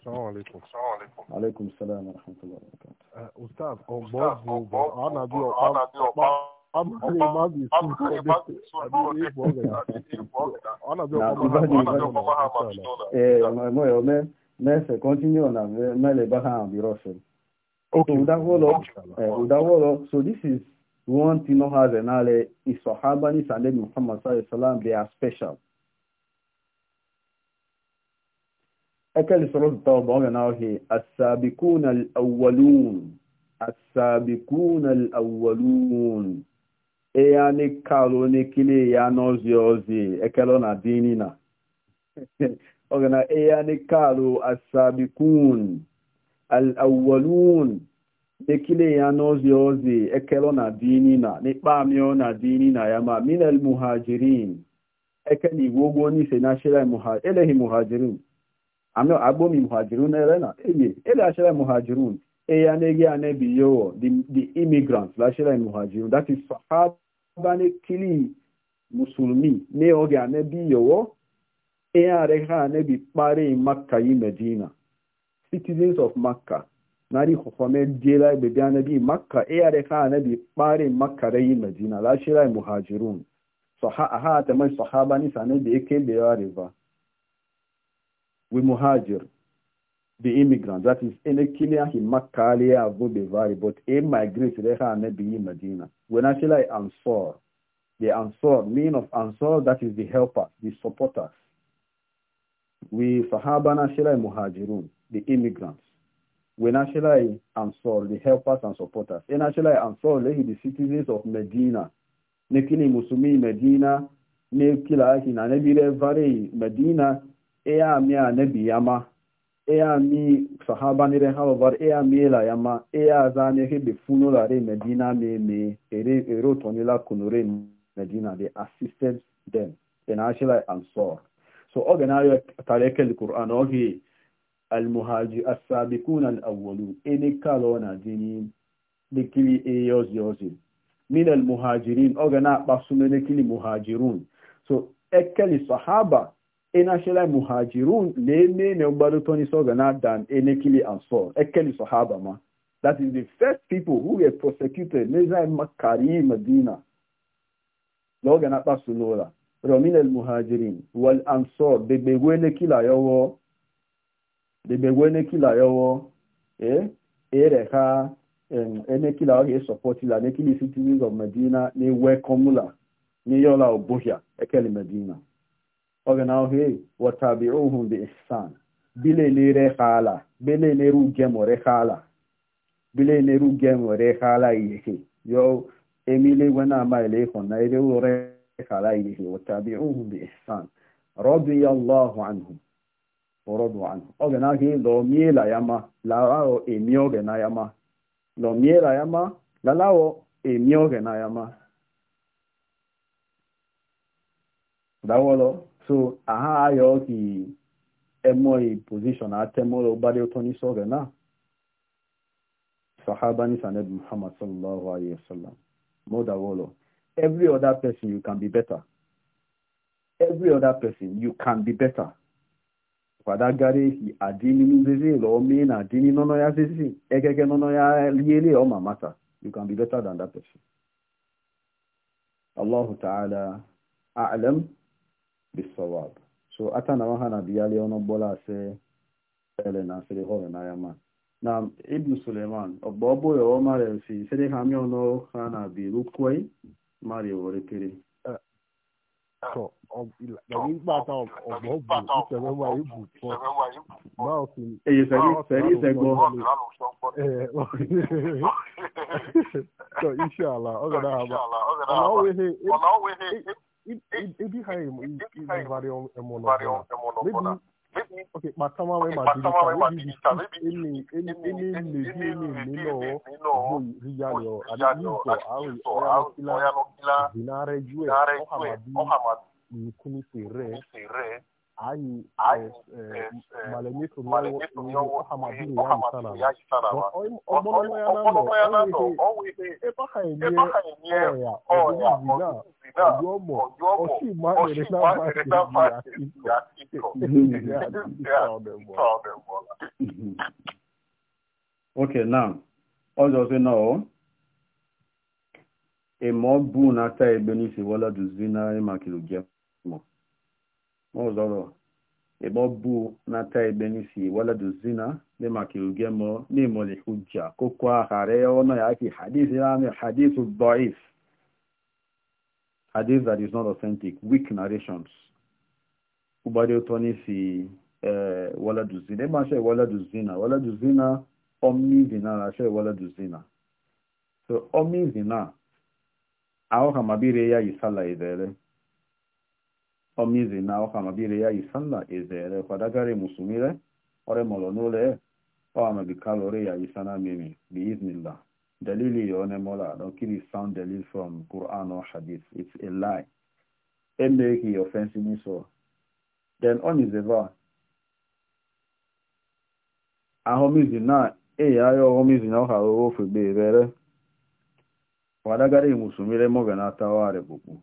Assalamu alaikum. Assalamu alaikum. Alaikum salam wa rahmatullahi wa barakatuh. Ustaz, ọ̀gbọ́n gbogbo, ọ̀nà bí ọ̀pá amúlé má bì sí ọdún àbí ìbọn rẹ̀. ọ̀nà bí ọ̀pá má bì sí ọdún. Ẹ ọ̀nà ẹ̀mọ́ ẹ̀ ọ̀mẹ́ mẹ́sẹ̀ continue ọ̀nà mẹ́lẹ̀ bá hàn bí rọ̀ṣẹ̀. Okay. So, udawolo, uh, udawolo, so this is one thing that has an ale, is Sahaba ni Saleh Muhammad sallallahu alaihi wasallam, they are أكل سورة التوبة وناهي السابقون الأولون السابقون الأولون إيا نكالو نكلي يا نوزي أوزي أكلو نادينينا أغنى إيا نكالو السابقون الأولون نكلي يا نوزي أوزي أكلو نادينينا نقباميو نادينينا يا ما من المهاجرين أكني وغوني سناشرة مهاجرين إلهي مهاجرين amị agbo mi muhajirun ere na eye ele ashara muhajirun eya na ege yowo the immigrants la ashara muhajirun that is sahaba ne kili musulmi ne oge ane bi yowo eya re ha ane makka yi medina citizens of makka nari kofame jela be bi ane bi makka eya re ha ane makka re yi medina la ashara muhajirun saha aha ta man sahaba ni sane de ke river we muhajir, the immigrant, that is in a kilia he makalia avubivari, but a migrant reha in medina. When I say like ansor, the ansor, mean of ansor, that is the helper, the supporters. We sahabana shilai muhajirun, the immigrants. When I say ansor, the helpers and supporters. When I say like ansor, the citizens of Medina. Nekini musumi Medina, nekila hina nebire vari Medina, eya mi anabi yama eya mi sahaba ni ren hawa bar eya mi la yama eya za ne ke be funo la re medina me me ere ero toni la kunure medina they assisted them and actually ansor so organize tareke al quran ohi al muhajir as-sabiqun al awwalun ene kalona dini dikili eyozi yozi min al muhajirin ogana basunene kili muhajirun so ekeli sahaba ina muhajirun leme ne gbadu toni sogana than enekili ansor ekeli sahaba ma that is the first people who were prosecuted neza makari medina logana pasulola romin el muhajirin wal ansor bebegwe nekila yowo bebegwe nekila yowo eh ere ka enekila oge support la nekili citizens of medina ni welcome la ni yola obohia ekeli medina oge na ohe watabi'uhum bi ihsan bile lere khala bile neru gemore khala bile neru gemore khala yehe yo emile wana ma ile ko na ile ure khala yehe watabi'uhum bi ihsan radiyallahu anhum ورضوا عنه oge na ohe lo miela yama lao emi oge na ya ma, lo miela yama lalao emi oge na yama dawolo so aha ayo ki emoy position atemolo bari otoni re na sahaba ni sanad muhammad sallallahu alaihi wasallam moda wolo every other person you can be better every other person you can be better kwadagari hi adini nzezi lo mi na adini nono ya zizi ekeke nono ya liele o mamata you can be better than that person Allah ta'ala a'lam bisawab so ata na ha na biyali ono bola se ele na se ho na ya ma na ibn suleiman obo bo yo ma re fi se de ha mi ono ha na bi rukwai mari eh, o re kiri so ọ̀gbìn pàtà ọ̀gbọ̀gbù ìṣẹ̀lẹ̀ wà ìbù tán báwo sì ni. èyí sẹ́rí sẹ́rí ìṣẹ́gbọ́. so inshallah ọ̀gá náà àbá ọ̀nà òwe he ebi ha emu ibari emu n'ọbụla maybe okay kpatama wee ma digital maybe eni eni eni nebi eni nino bụ riyali ọ adi nso awi ọya nọkila zinare jue ọhamadi nkuni sere ayi malami tun ma wo ni muhammadu ya yi sara wa ọgbọnọgbọ ya na nọ ọwụ ihe ebe ha enye ọya ọya ọzụzụ ọjọ mọ ọsị ma ere na mmasị ya ikọ Okay, now, ọjọ́ sí náà ó, èmọ́ bú náà tá ẹgbẹ́ ní ìṣèwọ́lá dùn sí náà ẹ̀ma kìlò jẹun. ụzọrọ ebe ọ bụ nata ebe n'isi waladuzina dị maka uge mọ n'imoli hujja koko aghara ọnụ ya aki hadith rami hadith doif hadith that is not authentic weak narrations ụgbadị ụtọ n'isi waladuzina ịgba asha waladuzina waladuzina ọmizina na asha waladuzina so ọmizina ahụ ha mabire ya yi sala idere omizi na ọka mabiri ya isanna ezere kwadagari musumire ore molo nule o amabi kalori ya isana mimi biiznillah dalili yone mola don't give sound dalil from quran or hadith it's a lie and e make the then on is eva ahomizi na eyi ya yo omizi na ọka owo fugbe ibere kwadagari musumire mo ganata wa rebuku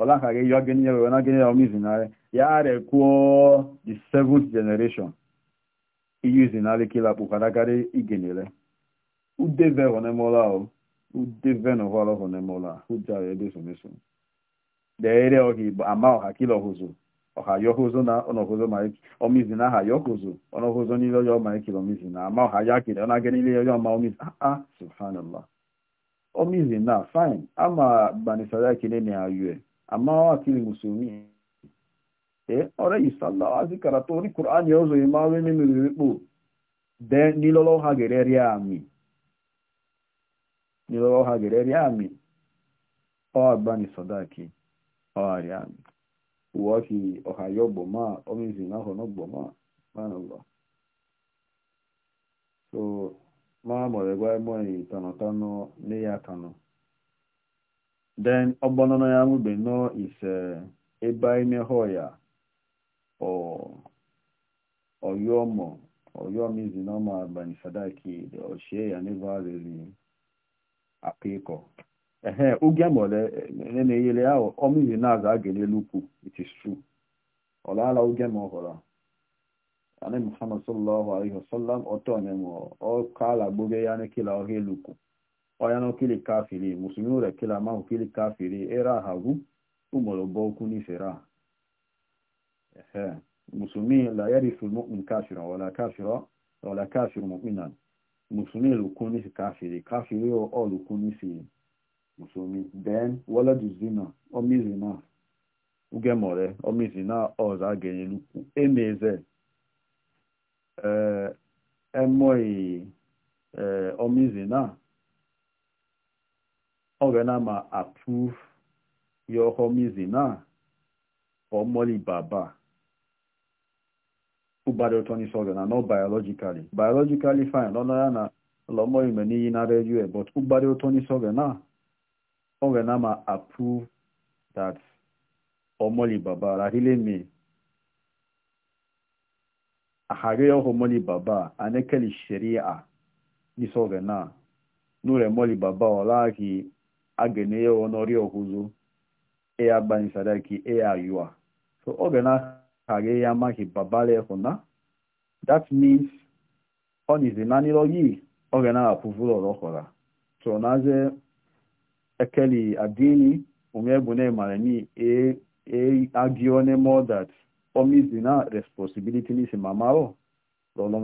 ọlaka gị yọ gịnị ya wena gịnị ya omizinarị ya rekwuo the seventh generation iyuzinarị kila kpụkarakarị igenere udeve honemola o udeve na ụhọrọ honemola hujara ebe someso deere ọha igbo ama ọha kila ọhụzụ ọha yọhụzụ na ọnọhụzụ ma omizina aha yọhụzụ ọnọhụzụ niile ọyọ ma ekele omizina ama ọha ya kiri ọ na-aga niile ọyọ ma omizina ah subhanallah omizina fine ama gbanisara ekele na ayue amma wakili musulmi eh already sallallahu ọzọ karatori qur'an yozo imawe ni milipo de nilolo ha gereri ami nilolo ha gereri ami o agbani sadaki o ari ami uwo ki ohayo gboma omizi na hono ma mo ya tano then na ya nwube nọ ise eh, ebe imehọ ya ọyọmọ ọyọm izinọma agbani sadaki ochie ya n'ebe akpa ịkọ. ehe oge mọle eh, na-eyele ahụ ọmizi na-aza agelelu ukwu it is true ọlaala oge ma ọhụrụ ane muhammad sallallahu alaihi wasallam ọtọ onye mụọ ọ kaala gboge ya n'ekela ọhịa ukwu. oyano kili kafiri musulmi kila ama kili kafiri era hagu umolobo kuni sera ehe musulmi la yarifu almu'min kafira wala kafira wala kafiru mu'minan musulmi lukuni si kafiri kafiri o o lukuni si musulmi then wala duzina o mizina ugemore o mizina o za genye luku emeze eh emoyi eh o mizina na ma approve your homizi na omoli baba ubade otoni sogana no biologically biologically fine no no na lomo ime ni na reju e but ubade na sogana ogana ma approve that omoli baba rahile mi ahare yo omoli baba anekeli sheria ni sogana nure mọli baba olahi agene ya ọnọrị ọhụzụ eya bani sadaki eya ayụa so ga na kage ya maghị babale hụna that means ọ nizi na apụvụ lọrọ hụra so naze ekeli adini umegbu na mara ni e e agio ne more that omizi na responsibility ni simamaro lọlọ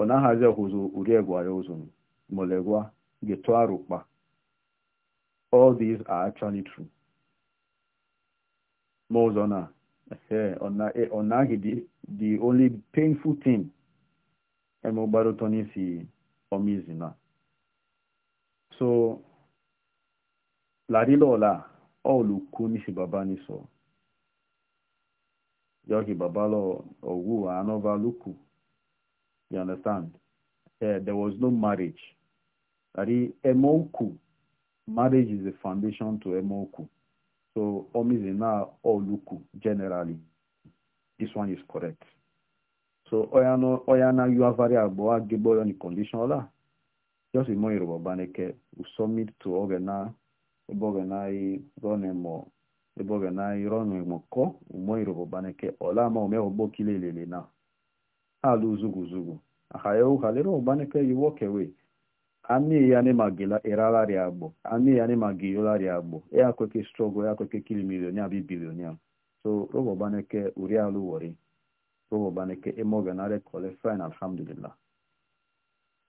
ọ na-ahazi ọhụzụ uri all these are actually true. Mozona, onagi, eh, the only painful thing, emobarotoni si omizina. So, larilola, olùkú ní sí bàbá ní sọ. Yọ́kì bàbá lọ anova luku. You understand? Yeah, there was no marriage. Lárí emoku. marriage is the foundation to emoku. So om is oluku generally. This one is correct. So oyano oyana you are variable agebo on condition ola. Just imo more baneke we submit to ogena ebogenai ronemo ebogenai ronemo ko umo irobo baneke ola ma ome obo kilelele na. Alu zugu zugu. Ahayo uhalero baneke you walk away. ami yani magila erala riagbo ami yani ya kweke struggle ya kweke kili millionaire bi billionaire so robo baneke uri alu wori robo baneke e alhamdulillah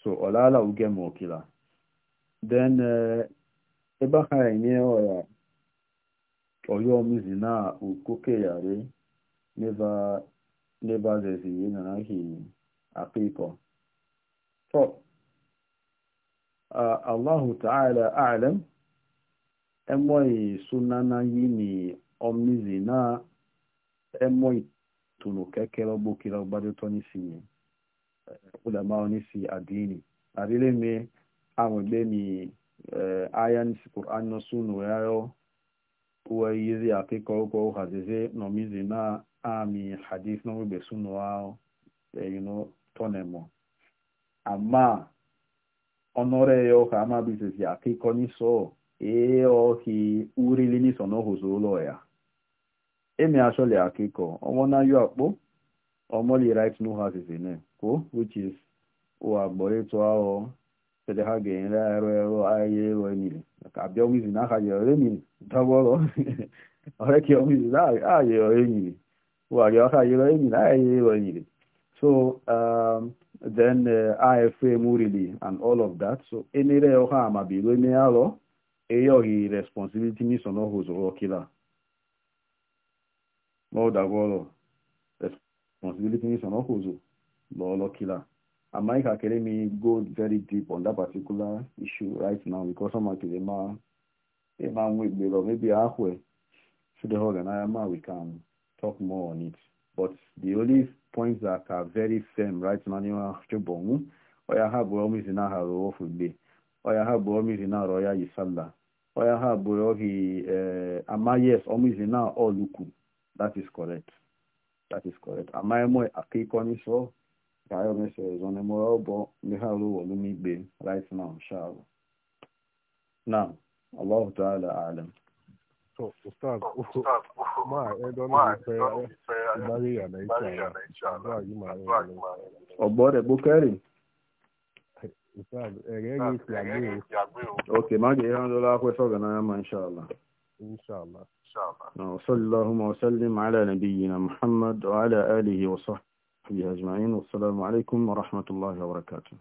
so olala uge mokila then uh, eh, eba ha ni oya oyo mizi na ukoke yare Allahu ta'ala a'lam emoyi sunana yini omnizi na emoyi tunu kekero bukira gbadu toni sinye ulama onisi adini arile me awon gbe mi aya nisi qur'an no sunu yayo uwe yizi akiko ko hazize no mizi na ami hadith no be sunu wao you know tonemo ama onore ya ọha amabizizi aka ịkọ n'iso ee ọhi urili n'iso n'ohuzo ụlọ ya emi achọli aka ịkọ ọmọna yọ akpọ ọmọli right nu ha zizi ne kwo which is ụwa agbọrọ ịtụ ahụ sede ha ga-ere arụ ero ahịa ero emiri maka abịa ọmizi na aha yọrọ emiri dabọrọ ọrịa ka na aha yọrọ emiri ụwa gị ọha yọrọ emiri ahịa ero emiri so um, then uh, ifm really and all of that. So enere ọha amabilo eme alọ eyọghị responsibility n'iso n'ọhụ zụrụ ọkịla n'ọdagwa ọlọ responsibility n'iso n'ọhụ zụ n'ọlọkịla I'm like academy go very deep on that particular issue right now because I'm like e a man, a man with below maybe halfway to the whole and I am we can talk more on it. But the only points that are very firm right now n'ime chobonwu oya ha bụ omizi na ha rụọ fugbe oya ha bụ omizi na rọ ya yisala oya ha bụ ohi eh, ama yes omizi na oluku that is correct that ama emo akiko n'iso ka ayo meso ezo n'emoro ọbọ ndị ha rụọ olumigbe right now inshallah now Allah ta'ala alam To, Ustaz, ma a ɗaya don rufe bariya na isha ba yi ma yi Ọ̀gbọ́n rẹ̀ Bukari. Ustaz, ẹ̀rẹ́ yìí ti àgbé o. Ok, má kì í hàn lọ́la pẹ́ sọ̀rọ̀ náà ma insha Allah. Insha Allah. وصلى اللهم وسلم على نبينا محمد وعلى آله وصحبه أجمعين والسلام عليكم ورحمة الله وبركاته